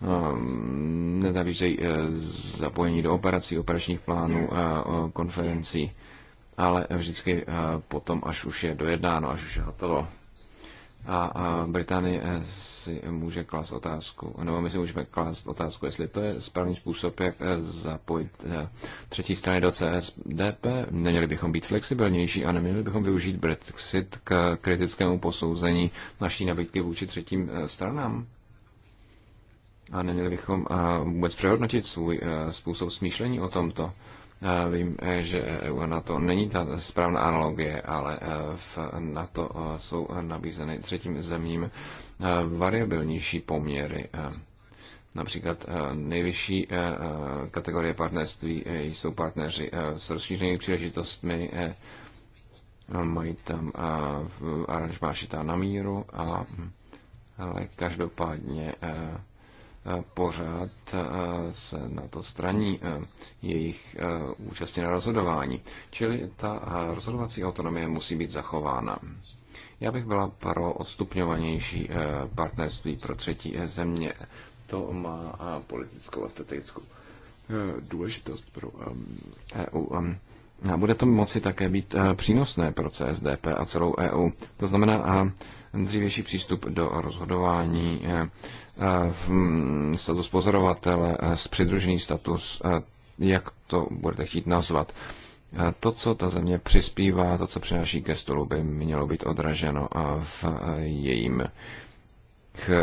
Ehm, nenabízejí eh, zapojení do operací, operačních plánů, eh, konferencí, ale vždycky eh, potom, až už je dojednáno, až už je hotovo. A Británie si může klást otázku, nebo my si můžeme klást otázku, jestli to je správný způsob, jak zapojit třetí strany do CSDP. Neměli bychom být flexibilnější a neměli bychom využít Brexit k kritickému posouzení naší nabídky vůči třetím stranám. A neměli bychom eh, vůbec přehodnotit svůj eh, způsob smýšlení o tomto. Eh, vím, že EU a NATO není ta správná analogie, ale v NATO jsou nabízeny třetím zemím variabilnější poměry. Například nejvyšší kategorie partnerství jsou partneři s rozšířenými příležitostmi, mají tam aranžmá šitá na míru, hm, ale každopádně pořád se na to straní jejich účasti na rozhodování. Čili ta rozhodovací autonomie musí být zachována. Já bych byla pro odstupňovanější partnerství pro třetí e, země. To má politickou a strategickou e, důležitost pro EU. E a bude to moci také být přínosné pro CSDP a celou EU. To znamená dřívější přístup do rozhodování, Mm, status pozorovatele, přidružený status, jak to budete chtít nazvat. To, co ta země přispívá, to, co přináší ke stolu, by mělo být odraženo v jejím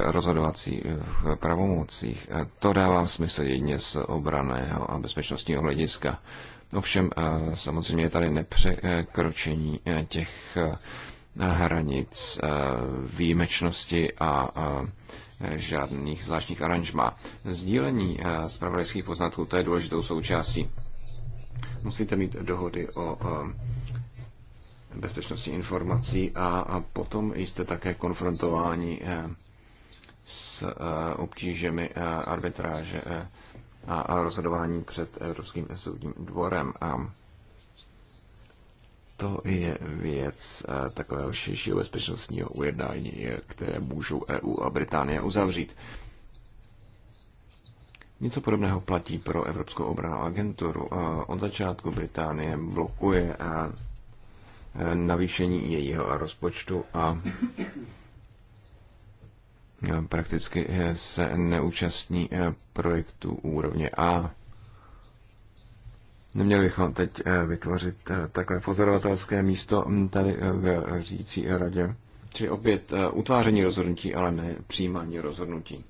rozhodovacích pravomocích. To dává smysl jedině z obraného a bezpečnostního hlediska. Ovšem, samozřejmě je tady nepřekročení těch hranic, eh, výjimečnosti a eh, žádných zvláštních aranžmá. Sdílení eh, zpravodajských poznatků, to je důležitou součástí. Musíte mít dohody o bezpečnosti informací a potom jste také konfrontováni s obtížemi arbitráže a rozhodování před Evropským soudním dvorem. A to je věc eh, takového širšího bezpečnostního ujednání, eh, které můžou EU a Británie uzavřít. Něco podobného platí pro Evropskou obranou agenturu. Eh, od začátku Británie blokuje navýšení jejího rozpočtu a prakticky se neúčastní projektu úrovně A. Neměli bychom teď eh, vytvořit eh, takové pozorovatelské místo hm, tady eh, v řídící radě. Čili opět utváření rozhodnutí, ale ne přijímání rozhodnutí.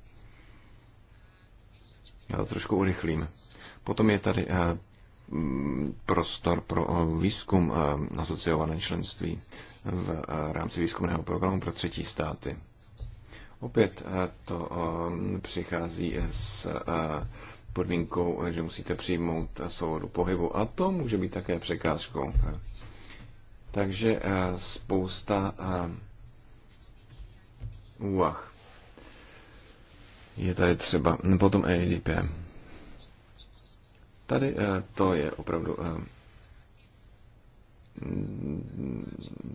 Já to trošku urychlím. Potom je tady hm, prostor pro výzkum asociované členství v rámci výzkumného programu pro třetí státy. Opět to přichází z podmínkou, že musíte přijmout svobodu pohybu. A to může být také překážkou. Takže eh, spousta eh, úvah je tady třeba. No, potom EIDP. Tady eh, to je opravdu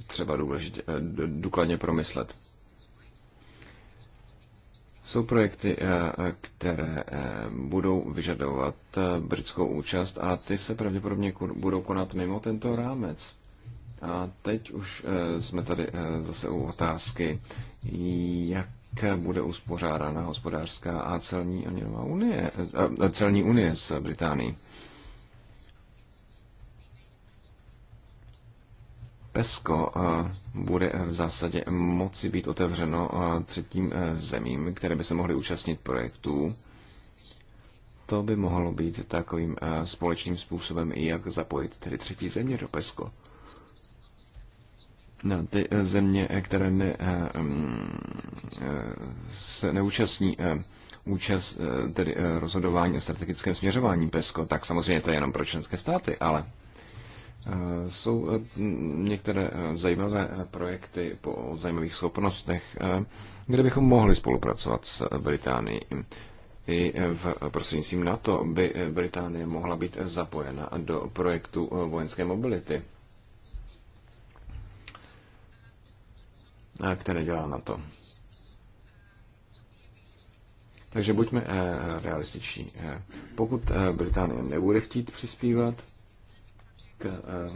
třeba důležitě, důkladně promyslet. Jsou projekty, eh, které eh, budou vyžadovat eh, britskou účast a ty se pravděpodobně budou konat mimo tento rámec. A teď už jsme tady zase u otázky, jak bude uspořádána hospodářská a celní, a celní unie s Británií. PESCO eh, bude v zásadě moci být otevřeno eh, třetím eh, zemím, které by se mohly účastnit projektů. To by mohlo být takovým společným způsobem, i jak zapojit tedy třetí země do PESCO. Na ty země, které ne, mm, se neúčastní účast, tedy rozhodování o strategickém směřování PESCO, tak samozřejmě to je jenom pro členské státy, ale Eh, jsou eh, některé eh, zajímavé projekty po zajímavých schopnostech, kde bychom mohli spolupracovat s Británií. I v prostřednictvím NATO by Británie mohla být zapojena do projektu vojenské mobility, které dělá NATO. Takže buďme realističní. Pokud Británie nebude chtít přispívat, k eh,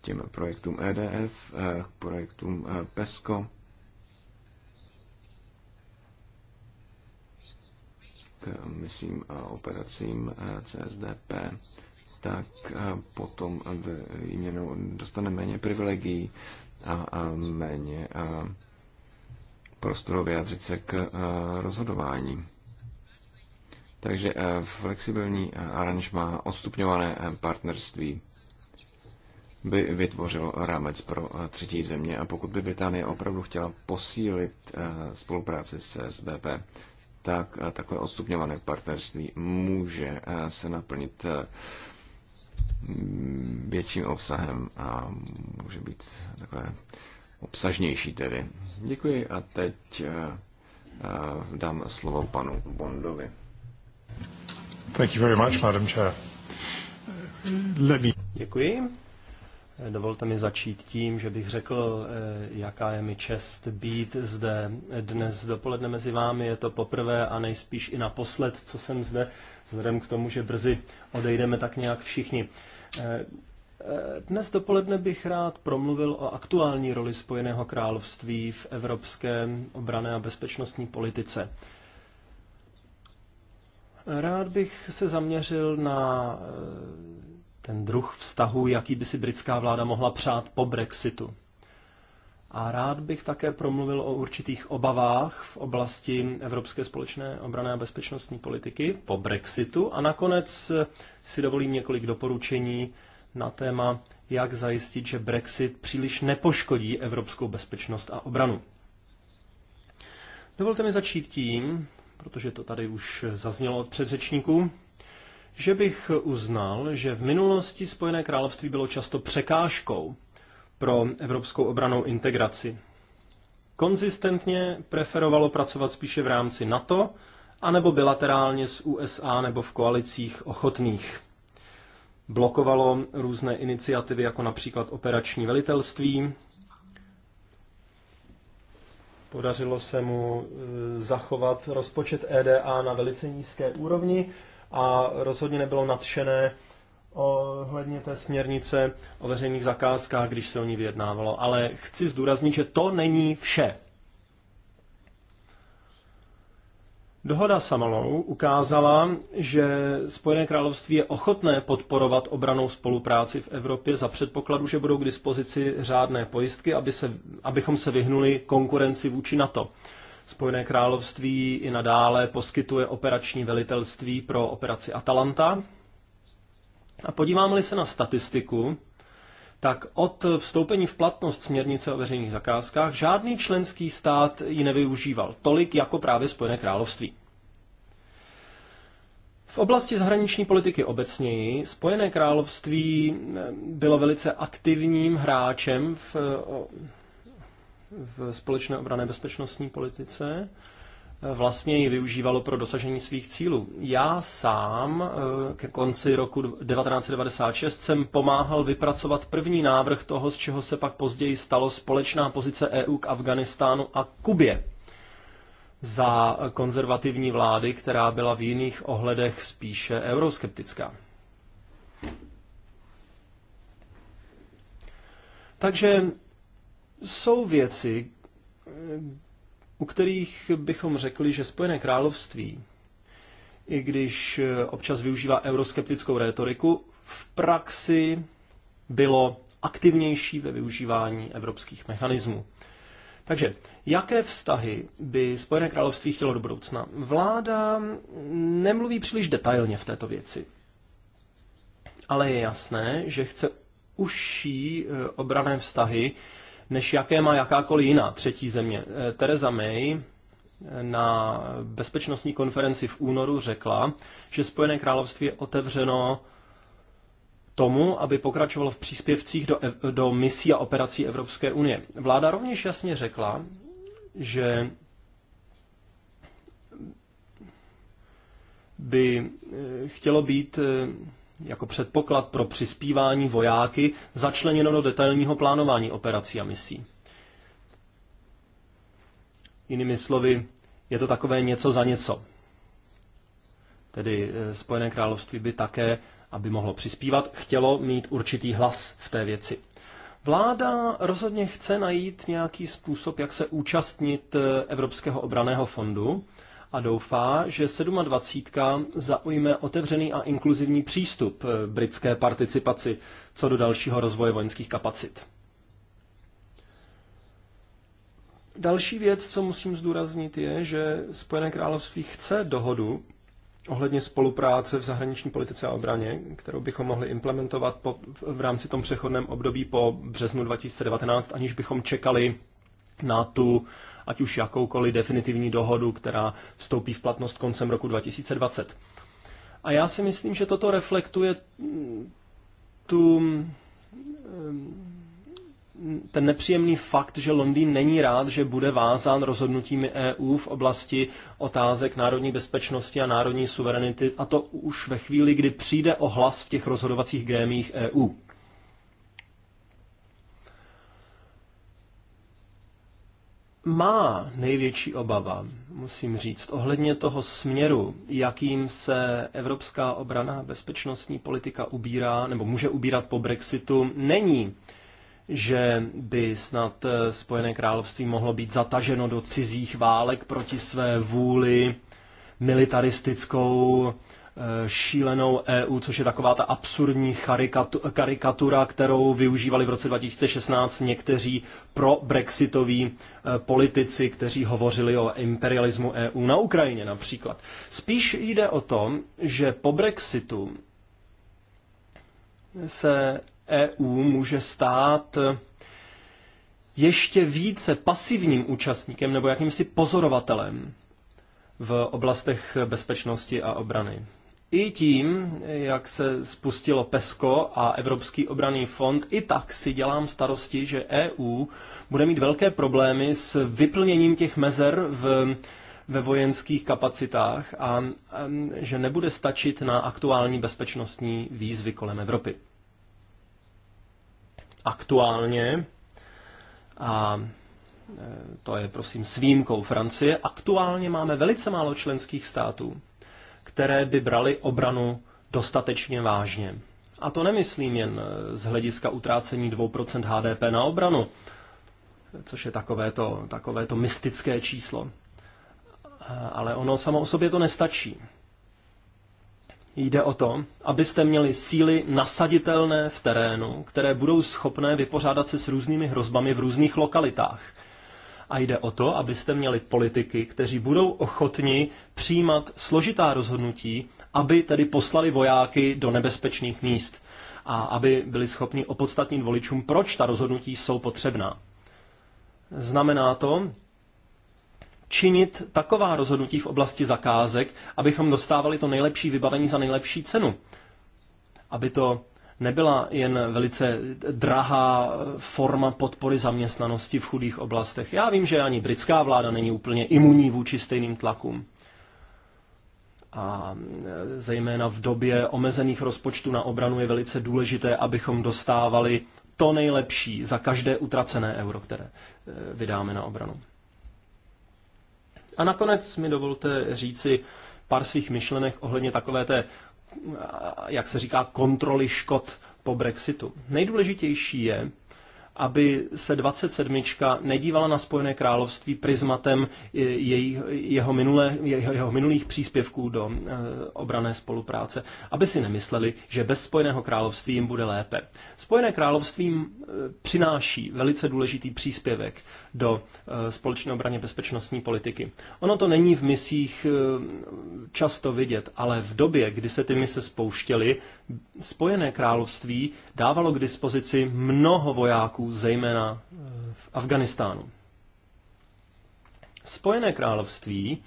těm projektům EDF, eh, k projektům eh, PESCO. K, myslím, operacím CSDP, tak potom jménu dostane méně privilegií a, a méně a prostoru vyjádřit se k rozhodování. Takže flexibilní aranžma, odstupňované partnerství by vytvořil rámec pro eh, třetí země a pokud by Británie opravdu chtěla posílit eh, spolupráci se SBP, tak eh, takové odstupňované partnerství může se naplnit větším obsahem a může být takové obsažnější tedy. Děkuji a teď dám slovo panu Bondovi. Thank you very much, Madam Chair. Let me... Děkuji. Dovolte mi začít tím, že bych řekl, eh, jaká je mi čest být zde dnes dopoledne mezi vámi. Je to poprvé a nejspíš i naposled, co jsem zde, vzhledem k tomu, že brzy odejdeme tak nějak všichni. Eh, eh, dnes dopoledne bych rád promluvil o aktuální roli Spojeného království v evropské obrané a bezpečnostní politice. Rád bych se zaměřil na ten druh vztahu, jaký by si britská vláda mohla přát po Brexitu. A rád bych také promluvil o určitých obavách v oblasti Evropské společné obrané a bezpečnostní politiky po Brexitu a nakonec si dovolím několik doporučení na téma, jak zajistit, že Brexit příliš nepoškodí evropskou bezpečnost a obranu. Dovolte mi začít tím, protože to tady už zaznělo od předřečníků, že bych uznal, že v minulosti Spojené království bylo často překážkou pro evropskou obranou integraci. Konzistentně preferovalo pracovat spíše v rámci NATO, anebo bilaterálně s USA nebo v koalicích ochotných. Blokovalo různé iniciativy, jako například operační velitelství. Podařilo se mu e, zachovat rozpočet EDA na velice nízké úrovni a rozhodně nebylo nadšené ohledně té směrnice o veřejných zakázkách, když se o ní vyjednávalo. Ale chci zdůraznit, že to není vše. Dohoda s Amalou ukázala, že Spojené království je ochotné podporovat obranou spolupráci v Evropě za předpokladu, že budou k dispozici řádné pojistky, aby se, abychom se vyhnuli konkurenci vůči NATO. Spojené království i nadále poskytuje operační velitelství pro operaci Atalanta. A podíváme-li se na statistiku, tak od vstoupení v platnost směrnice o veřejných zakázkách žádný členský stát ji nevyužíval tolik jako právě Spojené království. V oblasti zahraniční politiky obecněji Spojené království bylo velice aktivním hráčem v v společné obrané bezpečnostní politice eh, vlastně ji využívalo pro dosažení svých cílů. Já sám eh, ke konci roku 1996 jsem pomáhal vypracovat první návrh toho, z čeho se pak později stalo společná pozice EU k Afganistánu a Kubě za konzervativní vlády, která byla v jiných ohledech spíše euroskeptická. Takže jsou věci, u kterých bychom řekli, že Spojené království, i když občas využívá euroskeptickou rétoriku, v praxi bylo aktivnější ve využívání evropských mechanismů. Takže jaké vztahy by Spojené království chtělo do budoucna? Vláda nemluví příliš detailně v této věci, ale je jasné, že chce užší eh, obrané vztahy než jaké má jakákoliv jiná třetí země. Eh, Tereza May eh, na bezpečnostní konferenci v únoru řekla, že Spojené království je otevřeno tomu, aby pokračovalo v příspěvcích do, do misí a operací Evropské unie. Vláda rovněž jasně řekla, že by eh, chtělo být jako předpoklad pro přispívání vojáky začleněno do detailního plánování operací a misí. Jinými slovy, je to takové něco za něco. Tedy eh, Spojené království by také, aby mohlo přispívat, chtělo mít určitý hlas v té věci. Vláda rozhodně chce najít nějaký způsob, jak se účastnit eh, Evropského obraného fondu, a doufá, že 27. zaujme otevřený a inkluzivní přístup eh, britské participaci co do dalšího rozvoje vojenských kapacit. Další věc, co musím zdůraznit, je, že Spojené království chce dohodu ohledně spolupráce v zahraniční politice a obraně, kterou bychom mohli implementovat po, v rámci tom přechodném období po březnu 2019, aniž bychom čekali na tu, ať už jakoukoliv definitivní dohodu, která vstoupí v platnost koncem roku 2020. A já si myslím, že toto reflektuje tu, ehm, ten nepříjemný fakt, že Londýn není rád, že bude vázán rozhodnutími EU v oblasti otázek národní bezpečnosti a národní suverenity, a to už ve chvíli, kdy přijde o hlas v těch rozhodovacích grémích EU. má největší obava, musím říct, ohledně toho směru, jakým se evropská obrana bezpečnostní politika ubírá nebo může ubírat po Brexitu, není, že by snad eh, Spojené království mohlo být zataženo do cizích válek proti své vůli militaristickou Eh, šílenou EU, což je taková ta absurdní karikatura, kterou využívali v roce 2016 někteří pro-brexitoví eh, politici, kteří hovořili o imperialismu EU na Ukrajině například. Spíš jde o to, že po brexitu se EU může stát ještě více pasivním účastníkem nebo jakýmsi pozorovatelem v oblastech bezpečnosti a obrany. I tím, jak se spustilo PESCO a Evropský obraný fond, i tak si dělám starosti, že EU bude mít velké problémy s vyplněním těch mezer v, ve vojenských kapacitách a, a že nebude stačit na aktuální bezpečnostní výzvy kolem Evropy. Aktuálně a e, to je prosím s výjimkou Francie. Aktuálně máme velice málo členských států, které by brali obranu dostatečně vážně. A to nemyslím jen e, z hlediska utrácení 2% HDP na obranu, což je takové to, takové to mystické číslo. E, ale ono samo o sobě to nestačí. Jde o to, abyste měli síly nasaditelné v terénu, které budou schopné vypořádat se s různými hrozbami v různých lokalitách – a jde o to, abyste měli politiky, kteří budou ochotni přijímat složitá rozhodnutí, aby tedy poslali vojáky do nebezpečných míst a aby byli schopni opodstatnit voličům, proč ta rozhodnutí jsou potřebná. Znamená to, činit taková rozhodnutí v oblasti zakázek, abychom dostávali to nejlepší vybavení za nejlepší cenu. Aby to nebyla jen velice drahá forma podpory zaměstnanosti v chudých oblastech. Já vím, že ani britská vláda není úplně imunní vůči stejným tlakům. A zejména v době omezených rozpočtů na obranu je velice důležité, abychom dostávali to nejlepší za každé utracené euro, které eh, vydáme na obranu. A nakonec mi dovolte říci pár svých myšlenek ohledně takové té jak se říká, kontroly škod po Brexitu. Nejdůležitější je, aby se 27. nedívala na Spojené království prismatem jej, jeho, minulé, jeho, jeho minulých příspěvků do e, obrané spolupráce, aby si nemysleli, že bez Spojeného království jim bude lépe. Spojené království eh, přináší velice důležitý příspěvek do eh, společné obraně bezpečnostní politiky. Ono to není v misích eh, často vidět, ale v době, kdy se ty mise spouštěly, Spojené království dávalo k dispozici mnoho vojáků, zejména eh, v Afganistánu. Spojené království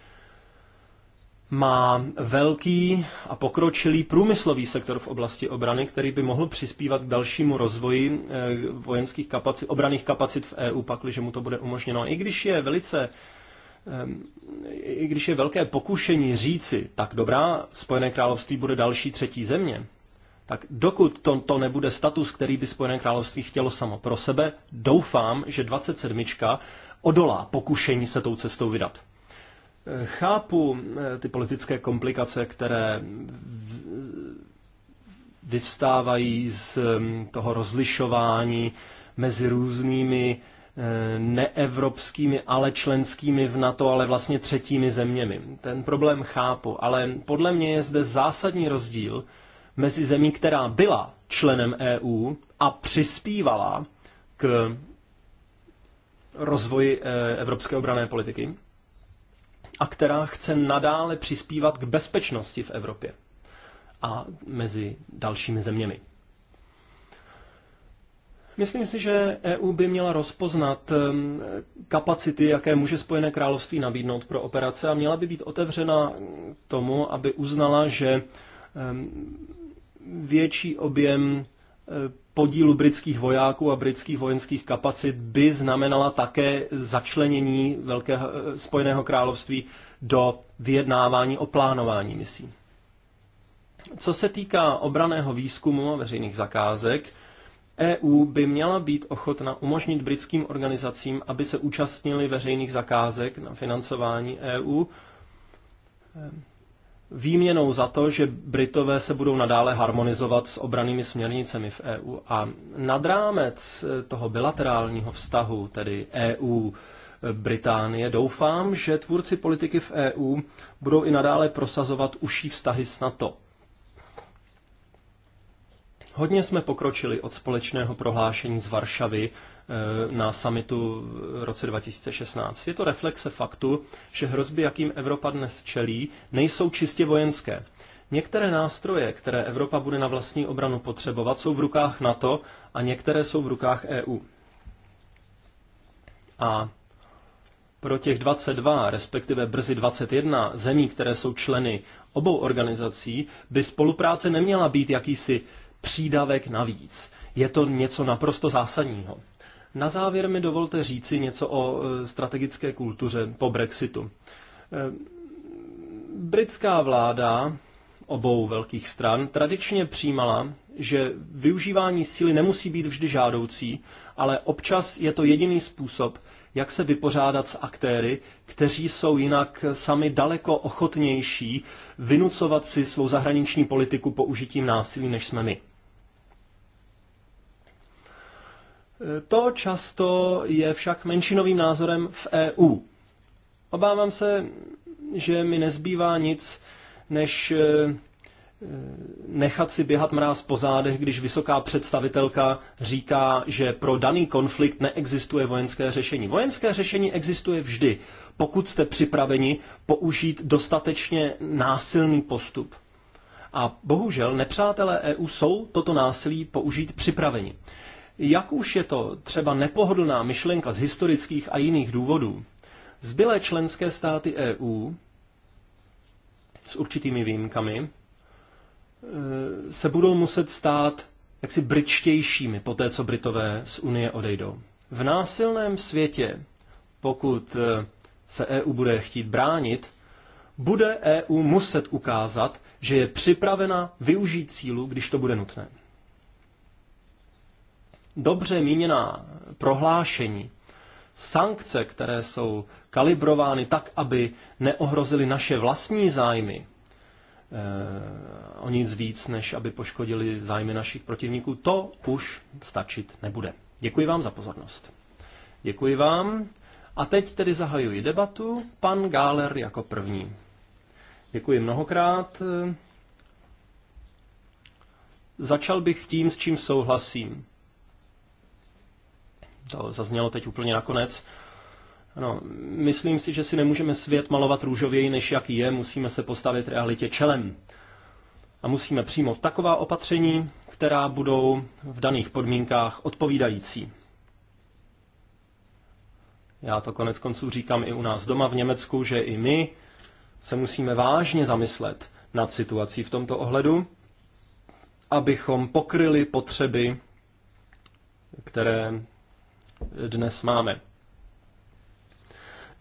má velký a pokročilý průmyslový sektor v oblasti obrany, který by mohl přispívat k dalšímu rozvoji eh, vojenských kapacit, obraných kapacit v EU, pakliže mu to bude umožněno. I když je velice eh, i když je velké pokušení říci, tak dobrá, Spojené království bude další třetí země, tak dokud to, to nebude status, který by Spojené království chtělo samo pro sebe, doufám, že 27. odolá pokušení se tou cestou vydat. Chápu eh, ty politické komplikace, které vyvstávají z mm, toho rozlišování mezi různými eh, neevropskými, ale členskými v NATO, ale vlastně třetími zeměmi. Ten problém chápu, ale podle mě je zde zásadní rozdíl mezi zemí, která byla členem EU a přispívala k rozvoji eh, evropské obrané politiky a která chce nadále přispívat k bezpečnosti v Evropě a mezi dalšími zeměmi. Myslím si, že EU by měla rozpoznat ehm, kapacity, jaké může Spojené království nabídnout pro operace a měla by být otevřena tomu, aby uznala, že ehm, větší objem podílu britských vojáků a britských vojenských kapacit by znamenala také začlenění Velkého Spojeného království do vyjednávání o plánování misí. Co se týká obraného výzkumu a veřejných zakázek, EU by měla být ochotna umožnit britským organizacím, aby se účastnili veřejných zakázek na financování EU výměnou za to, že Britové se budou nadále harmonizovat s obranými směrnicemi v EU. A nad rámec eh, toho bilaterálního vztahu, tedy EU, eh, Británie. Doufám, že tvůrci politiky v EU budou i nadále prosazovat užší vztahy s NATO. Hodně jsme pokročili od společného prohlášení z Varšavy Eh, na summitu v roce 2016. Je to reflexe faktu, že hrozby, jakým Evropa dnes čelí, nejsou čistě vojenské. Některé nástroje, které Evropa bude na vlastní obranu potřebovat, jsou v rukách NATO a některé jsou v rukách EU. A pro těch 22, respektive brzy 21 zemí, které jsou členy obou organizací, by spolupráce neměla být jakýsi přídavek navíc. Je to něco naprosto zásadního. Na závěr mi dovolte říci něco o e, strategické kultuře po Brexitu. E, britská vláda obou velkých stran tradičně přijímala, že využívání síly nemusí být vždy žádoucí, ale občas je to jediný způsob, jak se vypořádat s aktéry, kteří jsou jinak sami daleko ochotnější vynucovat si svou zahraniční politiku použitím násilí, než jsme my. To často je však menšinovým názorem v EU. Obávám se, že mi nezbývá nic, než e, e, nechat si běhat mráz po zádech, když vysoká představitelka říká, že pro daný konflikt neexistuje vojenské řešení. Vojenské řešení existuje vždy, pokud jste připraveni použít dostatečně násilný postup. A bohužel nepřátelé EU jsou toto násilí použít připraveni. Jak už je to třeba nepohodlná myšlenka z historických a jiných důvodů, zbylé členské státy EU s určitými výjimkami e, se budou muset stát jaksi britštějšími po té, co Britové z Unie odejdou. V násilném světě, pokud e, se EU bude chtít bránit, bude EU muset ukázat, že je připravena využít sílu, když to bude nutné dobře míněná prohlášení, sankce, které jsou kalibrovány tak, aby neohrozily naše vlastní zájmy, eh, o nic víc, než aby poškodili zájmy našich protivníků, to už stačit nebude. Děkuji vám za pozornost. Děkuji vám. A teď tedy zahajuji debatu. Pan Gáler jako první. Děkuji mnohokrát. Eh, začal bych tím, s čím souhlasím to zaznělo teď úplně nakonec. No, myslím si, že si nemůžeme svět malovat růžověji, než jaký je, musíme se postavit realitě čelem. A musíme přijmout taková opatření, která budou v daných podmínkách odpovídající. Já to konec konců říkám i u nás doma v Německu, že i my se musíme vážně zamyslet nad situací v tomto ohledu, abychom pokryli potřeby, které dnes máme.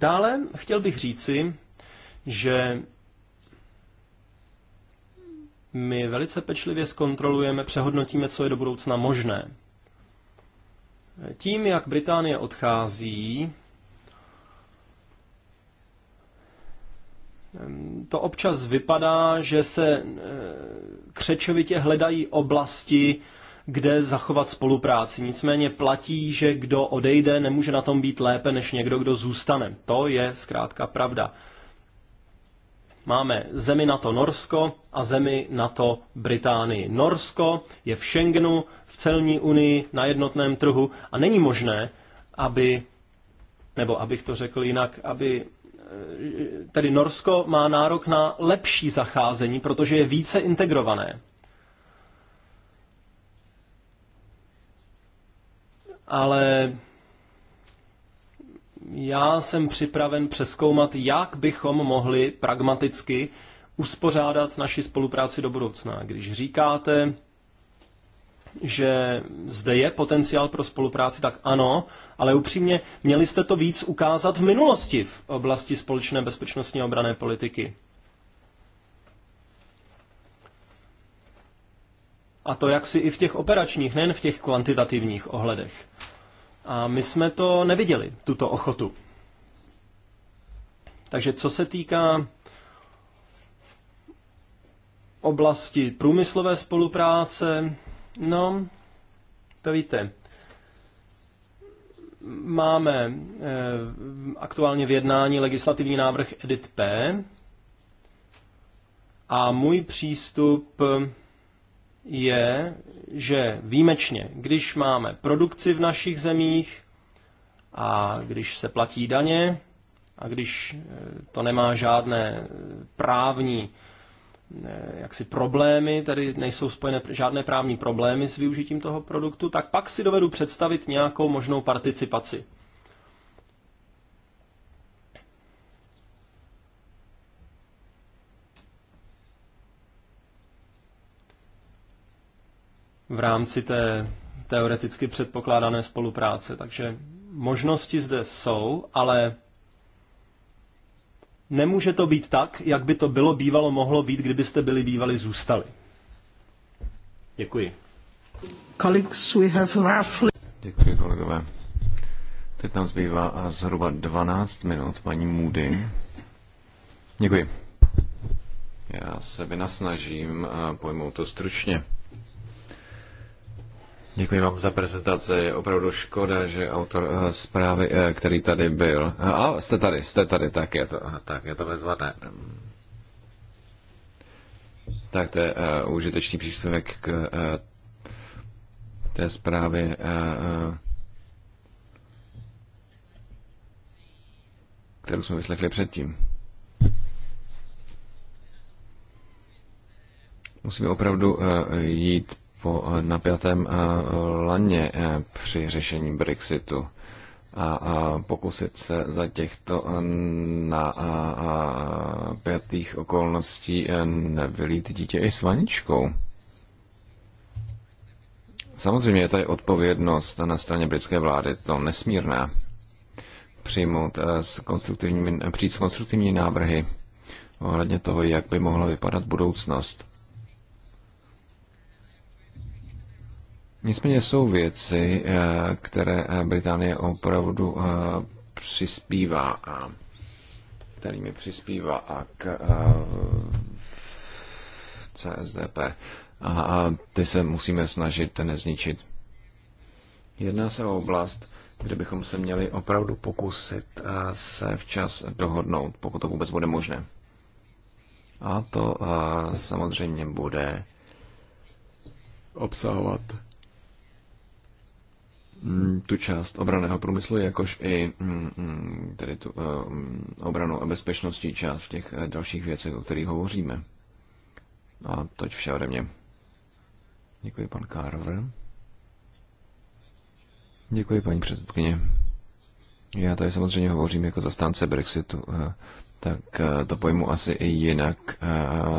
Dále chtěl bych říci, že my velice pečlivě zkontrolujeme, přehodnotíme, co je do budoucna možné. Tím, jak Británie odchází, to občas vypadá, že se eh, křečovitě hledají oblasti, kde zachovat spolupráci. Nicméně platí, že kdo odejde, nemůže na tom být lépe než někdo, kdo zůstane. To je zkrátka pravda. Máme zemi na to Norsko a zemi na to Británii. Norsko je v Schengenu, v celní unii, na jednotném trhu a není možné, aby, nebo abych to řekl jinak, aby eh, tedy Norsko má nárok na lepší zacházení, protože je více integrované. ale já jsem připraven přeskoumat, jak bychom mohli pragmaticky uspořádat naši spolupráci do budoucna. Když říkáte, že zde je potenciál pro spolupráci, tak ano, ale upřímně, měli jste to víc ukázat v minulosti v oblasti společné bezpečnostní obrané politiky. A to jaksi i v těch operačních, nejen v těch kvantitativních ohledech. A my jsme to neviděli, tuto ochotu. Takže co se týká oblasti průmyslové spolupráce, no, to víte, máme e, aktuálně v jednání legislativní návrh Edit P a můj přístup je, že výjimečně, když máme produkci v našich zemích a když se platí daně a když eh, to nemá žádné eh, právní eh, jaksi problémy, tedy nejsou spojené žádné právní problémy s využitím toho produktu, tak pak si dovedu představit nějakou možnou participaci. v rámci té teoreticky předpokládané spolupráce. Takže možnosti zde jsou, ale nemůže to být tak, jak by to bylo bývalo mohlo být, kdybyste byli bývali zůstali. Děkuji. Colleagues, we have roughly... Děkuji, kolegové. Teď nám zbývá zhruba 12 minut, paní Moody. Děkuji. Já se vynasnažím eh, pojmout to stručně. Děkuji vám za prezentaci. Je opravdu škoda, že autor eh, zprávy, eh, který tady byl, eh, a jste tady, jste tady, tak je to, tak je to bezvadné. Tak to je uh, užitečný příspěvek k uh, té zprávě. Uh, kterou jsme vyslechli předtím. Musíme opravdu jít po eh, napjatém eh, laně eh, při řešení Brexitu a pokusit se za těchto na pětých okolností nevylít dítě i s vaničkou. Samozřejmě je tady odpovědnost na straně britské vlády, to nesmírná. Přijmout s konstruktivními, přijít s konstruktivními návrhy ohledně toho, jak by mohla vypadat budoucnost. Nicméně jsou věci, eh, které eh, Británie opravdu eh, přispívá a kterými přispívá a k CSDP a ty se musíme snažit nezničit. Jedná se o oblast, kde bychom se měli opravdu pokusit se včas dohodnout, pokud to vůbec bude možné. A to samozřejmě bude obsahovat Mm, tu část obraného průmyslu, jakož i mm, mm, tedy tu eh, obranu a bezpečnostní část v těch eh, dalších věcech, o kterých hovoříme. A toť vše ode mě. Děkuji, pan Carver. Děkuji, paní předsedkyně. Já tady samozřejmě hovořím jako zastánce Brexitu, eh, tak to pojmu asi i jinak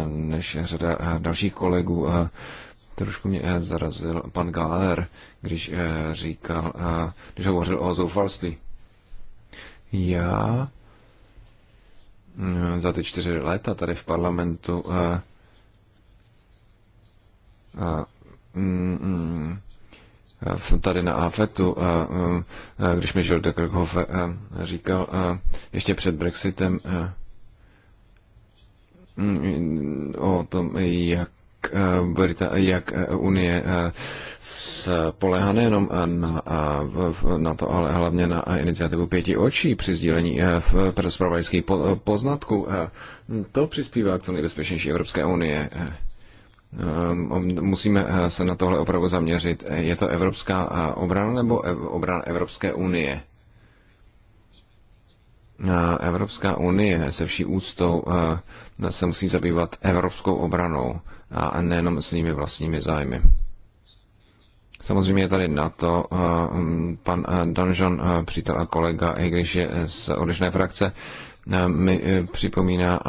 než řada dalších kolegů. Trošku mě eh, zarazil pan Galer, když eh, říkal, eh, když hovořil o zoufalství. Já mm, za ty čtyři léta tady v parlamentu a, a, mm, mm tady na AFETu, a, a, když mi Žil de Kirchhofe říkal a, ještě před Brexitem a, mm, o tom, jak Brita, jak eh, eh, Unie eh, spolehá nejenom na, na to, ale hlavně na iniciativu pěti očí při sdílení zpravodajských poznatků. To přispívá k co nejbezpečnější Evropské unie. Ehm, musíme se na tohle opravdu zaměřit. Je to evropská obrana nebo obrana Evropské unie? Evropská unie se vší úctou se musí zabývat evropskou obranou a nejenom svými vlastními zájmy. Samozřejmě je tady na to eh, pan eh, Danžon, eh, přítel a kolega, i když je z odlišné frakce, mi připomíná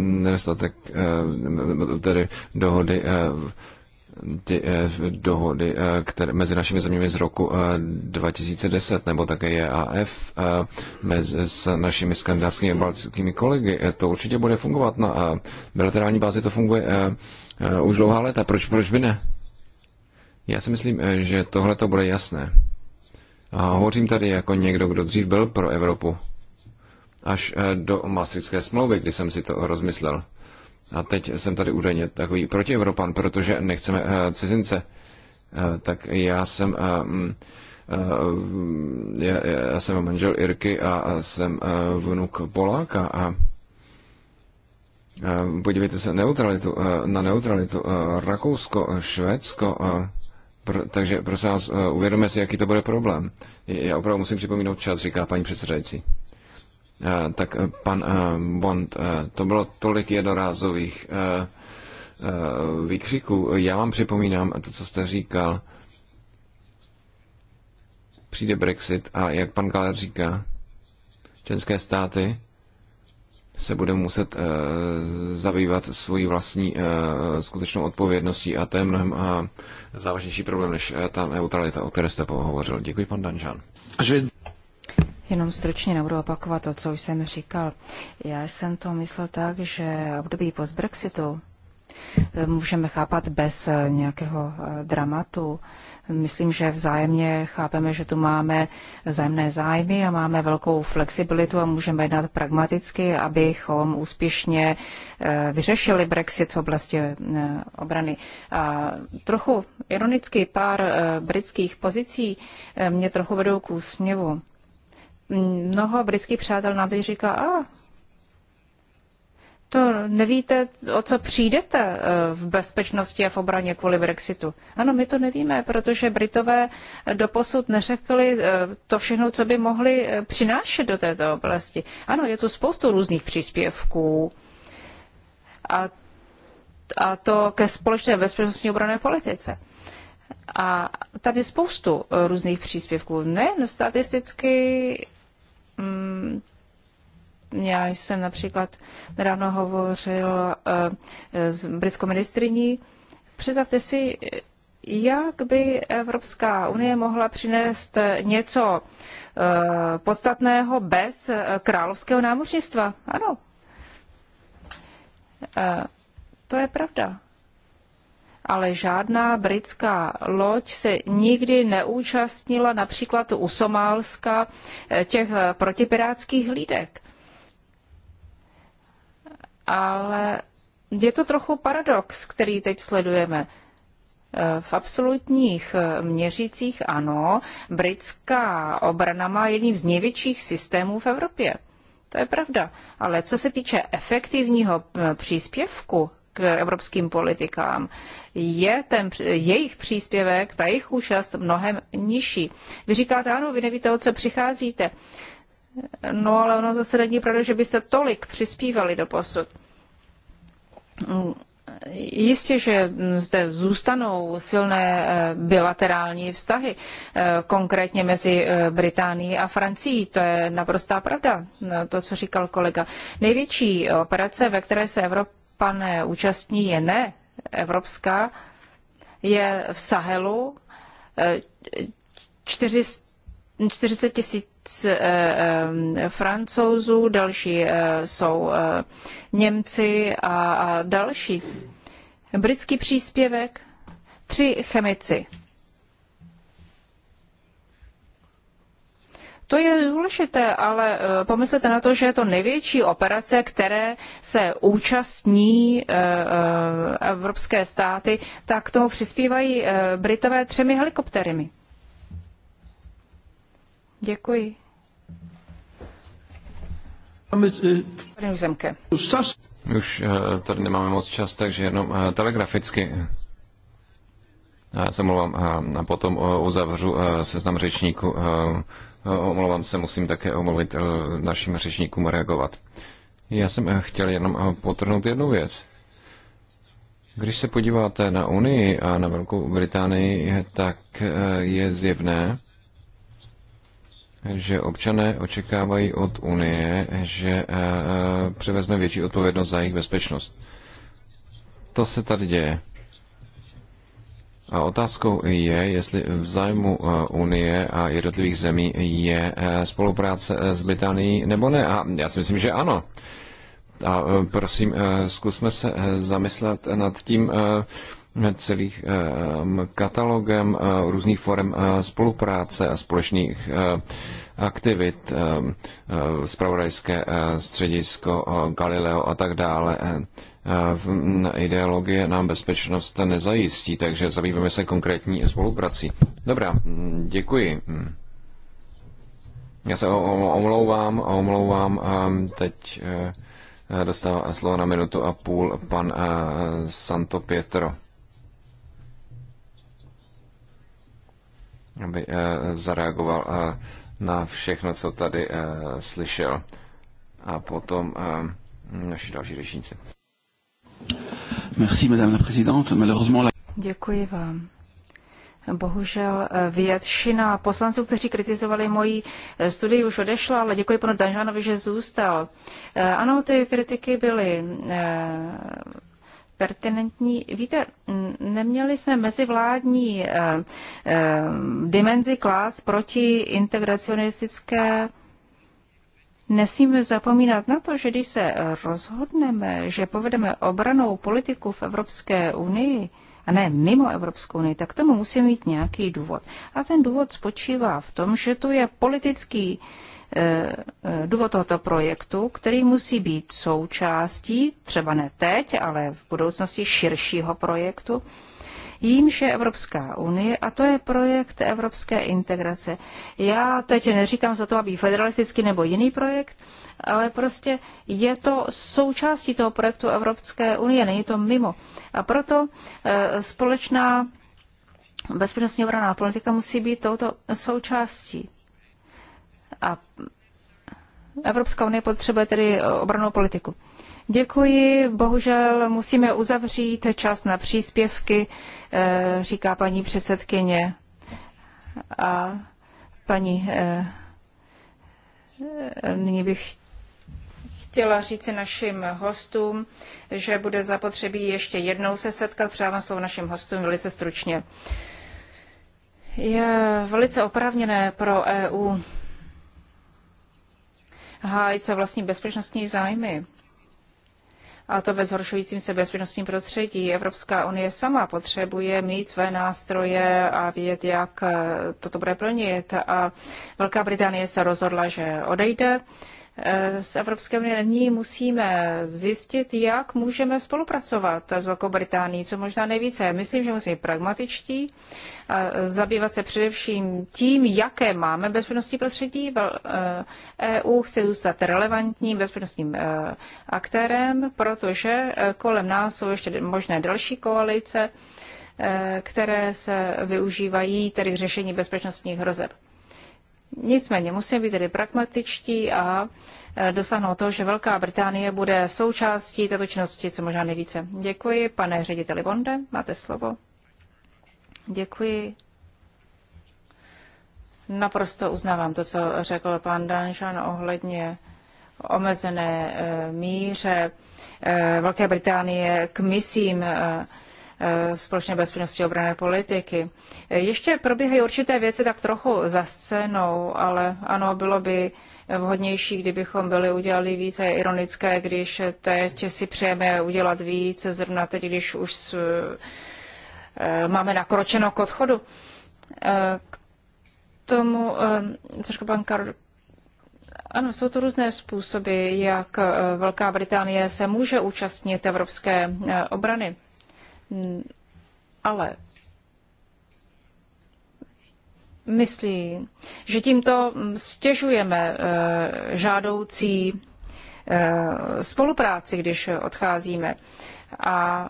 nedostatek tedy dohody ty eh, dohody eh, které, mezi našimi zeměmi z roku 2010, eh, nebo také JAF e mezi, s našimi skandinávskými a baltickými kolegy. To určitě bude fungovat na bilaterální bázi, to funguje už dlouhá léta. Proč, proč by ne? Já si myslím, že tohle to bude jasné. A hovořím tady jako někdo, kdo dřív byl pro Evropu. Až do Maastrichtské smlouvy, kdy jsem si to rozmyslel a teď jsem tady údajně takový protievropan, protože nechceme eh, cizince, eh, tak já jsem já, eh, mm, já jsem manžel Irky a jsem vnuk Poláka a podívejte se neutralitu, na neutralitu Rakousko, Švédsko, takže prosím vás, uvědomme si, jaký to bude problém. Já opravdu musím připomínat čas, říká paní předsedající. Eh, tak eh, pan eh, Bond, to bylo tolik jednorázových výkřiků. Já vám připomínám to, co jste říkal. Přijde Brexit a jak pan Galer říká, členské státy se bude muset zabývat svojí vlastní skutečnou odpovědností a to je mnohem závažnější problém než ta neutralita, o které jste pohovořil. Děkuji, pan Danžan. Jenom stručně nebudu opakovat to, co už jsem říkal. Já jsem to myslel tak, že období post Brexitu eh, můžeme chápat bez eh, nějakého eh, dramatu. Myslím, že vzájemně chápeme, že tu máme vzájemné zájmy a máme velkou flexibilitu a můžeme jednat pragmaticky, abychom úspěšně vyřešili Brexit v oblasti obrany. A trochu ironicky pár britských pozicí mě trochu vedou k úsměvu mnoho britských přátel nám teď říká, a ah, to nevíte, o co přijdete eh, v bezpečnosti a v obraně kvůli Brexitu. Ano, my to nevíme, protože Britové doposud neřekli eh, to všechno, co by mohli eh, přinášet do této oblasti. Ano, je tu spoustu různých příspěvků a, a to ke společné bezpečnostní obrané politice. A tam je spoustu různých příspěvků, ne? No statisticky, Mm, já jsem například nedávno hovořil eh, s britskou ministriní. Představte si, jak by Evropská unie mohla přinést něco eh, podstatného bez královského námořnictva. Ano, eh, to je pravda ale žádná britská loď se nikdy neúčastnila například u Somálska eh, těch eh, protipirátských hlídek. Ale je to trochu paradox, který teď sledujeme. Eh, v absolutních měřících ano, britská obrana má jedním z největších systémů v Evropě. To je pravda. Ale co se týče efektivního příspěvku k evropským politikám, je ten jejich příspěvek, ta jejich účast mnohem nižší. Vy říkáte, ano, vy nevíte, o co přicházíte. No ale ono zase není pravda, že byste tolik přispívali do posud. Jistě, že zde zůstanou silné eh, bilaterální vztahy, eh, konkrétně mezi eh, Británií a Francií. To je naprostá pravda, to, co říkal kolega. Největší operace, ve které se Evropa pane účastní, je ne evropská, je v Sahelu 40 eh, tisíc eh, eh, francouzů, další jsou Němci a další. Britský příspěvek, tři chemici To je důležité, ale eh, pomyslete na to, že je to největší operace, které se účastní eh, eh, evropské státy, tak k tomu přispívají Britové třemi helikoptery. Děkuji. My už tady nemáme moc čas, takže jenom telegraficky. Já se mluvám a potom uzavřu seznam řečníku. Omlouvám se, musím také omluvit eh, našim řečníkům reagovat. Já jsem eh, chtěl jenom eh, potrhnout jednu věc. Když se podíváte na Unii a na Velkou Británii, tak je zjevné, že občané očekávají od Unie, že převezme větší odpovědnost za jejich bezpečnost. To se tady děje. A otázkou je, jestli v zájmu eh, Unie a jednotlivých zemí je eh, spolupráce eh, s Británií nebo ne. A já si myslím, že ano. A prosím, zkusme se zamyslet nad tím celých katalogem různých forem spolupráce a společných aktivit, spravodajské středisko, Galileo a tak dále. Eh, mm, ideologie nám bezpečnost nezajistí, takže zabýváme se konkrétní spoluprací. Dobrá, mm, děkuji. Mm. Já se omlouvám, omlouvám, ehm, teď eh, dostává slovo na minutu a půl pan eh, Santo Pietro. Aby zareagoval na všechno, co tady slyšel. A potom ehm, naši další řečníci. Merci, madame la présidente. Malheureusement, la... Děkuji vám. Bohužel eh, většina poslanců, kteří kritizovali moji eh, studii, už odešla, ale děkuji panu Danžanovi, že zůstal. Eh, ano, ty kritiky byly pertinentní. Víte, neměli jsme mezivládní dimenzi klás proti integracionistické Nesmíme zapomínat na to, že když se rozhodneme, že povedeme obranou politiku v Evropské unii, a ne mimo Evropskou unii, tak tomu musí mít nějaký důvod. A ten důvod spočívá v tom, že to je politický eh, eh, důvod tohoto projektu, který musí být součástí, třeba ne teď, ale v budoucnosti širšího projektu, jímž je Evropská unie a to je projekt evropské integrace. Já teď neříkám za to, aby federalistický nebo jiný projekt, ale prostě je to součástí toho projektu Evropské unie, není to mimo. A proto eh, společná bezpečnostní obraná politika musí být touto součástí. A Evropská unie potřebuje tedy obranou politiku. Děkuji, bohužel musíme uzavřít čas na příspěvky, eh, říká paní předsedkyně. A paní, eh, nyní bych chtěla říci našim hostům, že bude zapotřebí ještě jednou se setkat. Přávám slovo našim hostům velice stručně. Je velice oprávněné pro EU hájit své vlastní bezpečnostní zájmy a to ve zhoršujícím se bezpečnostním prostředí. Evropská unie sama potřebuje mít své nástroje a vědět, jak eh, toto bude plnit. A Velká Británie se rozhodla, že odejde Eh, z Evropské unie není, musíme zjistit, jak můžeme spolupracovat s Velkou Británií, co možná nejvíce. Myslím, že musíme být pragmatičtí, zabývat se především tím, jaké máme bezpečnostní prostředí. EU eh, e chce zůstat relevantním bezpečnostním eh, aktérem, protože kolem nás jsou ještě možné další koalice, které se využívají tedy k řešení bezpečnostních hrozeb. Nicméně musíme být tedy pragmatičtí a e, dosáhnout toho, že Velká Británie bude součástí této činnosti, co možná nejvíce. Děkuji, pane řediteli Bonde, máte slovo. Děkuji. Naprosto uznávám to, co řekl pan Danžan ohledně omezené e, míře e, Velké Británie k misím Eh, společné bezpečnosti obrané politiky. Eh, ještě probíhají určité věci tak trochu za scénou, ale ano, bylo by vhodnější, kdybychom byli udělali více. ironické, když teď si přejeme udělat více, zrovna teď, když už s, eh, máme nakročeno k odchodu. K tomu, co řekl pan Karl, ano, jsou to různé způsoby, jak Velká Británie se může účastnit evropské obrany ale myslí, že tímto stěžujeme eh, žádoucí eh, spolupráci, když odcházíme. A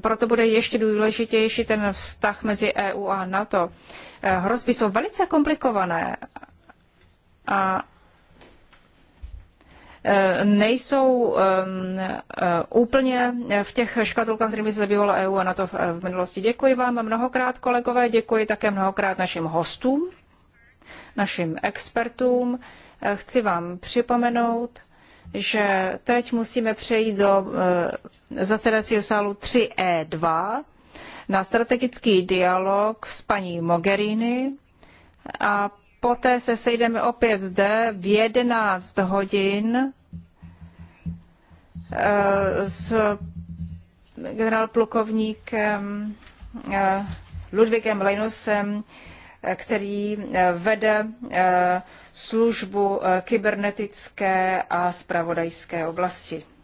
proto bude ještě důležitější ten vztah mezi EU a NATO. Eh, hrozby jsou velice komplikované a Eh, nejsou ehm, eh, úplně v těch škatulkách, kterými se zabývala EU a na to eh, v minulosti. Děkuji vám mnohokrát, kolegové, děkuji také mnohokrát našim hostům, našim expertům. Chci vám připomenout, že teď musíme přejít do zasedacího sálu 3E2 na strategický dialog s paní Mogherini a Poté se sejdeme opět zde v 11 hodin eh, s generálplukovníkem eh, Ludvíkem Lejnosem, eh, který vede službu kybernetické a spravodajské oblasti.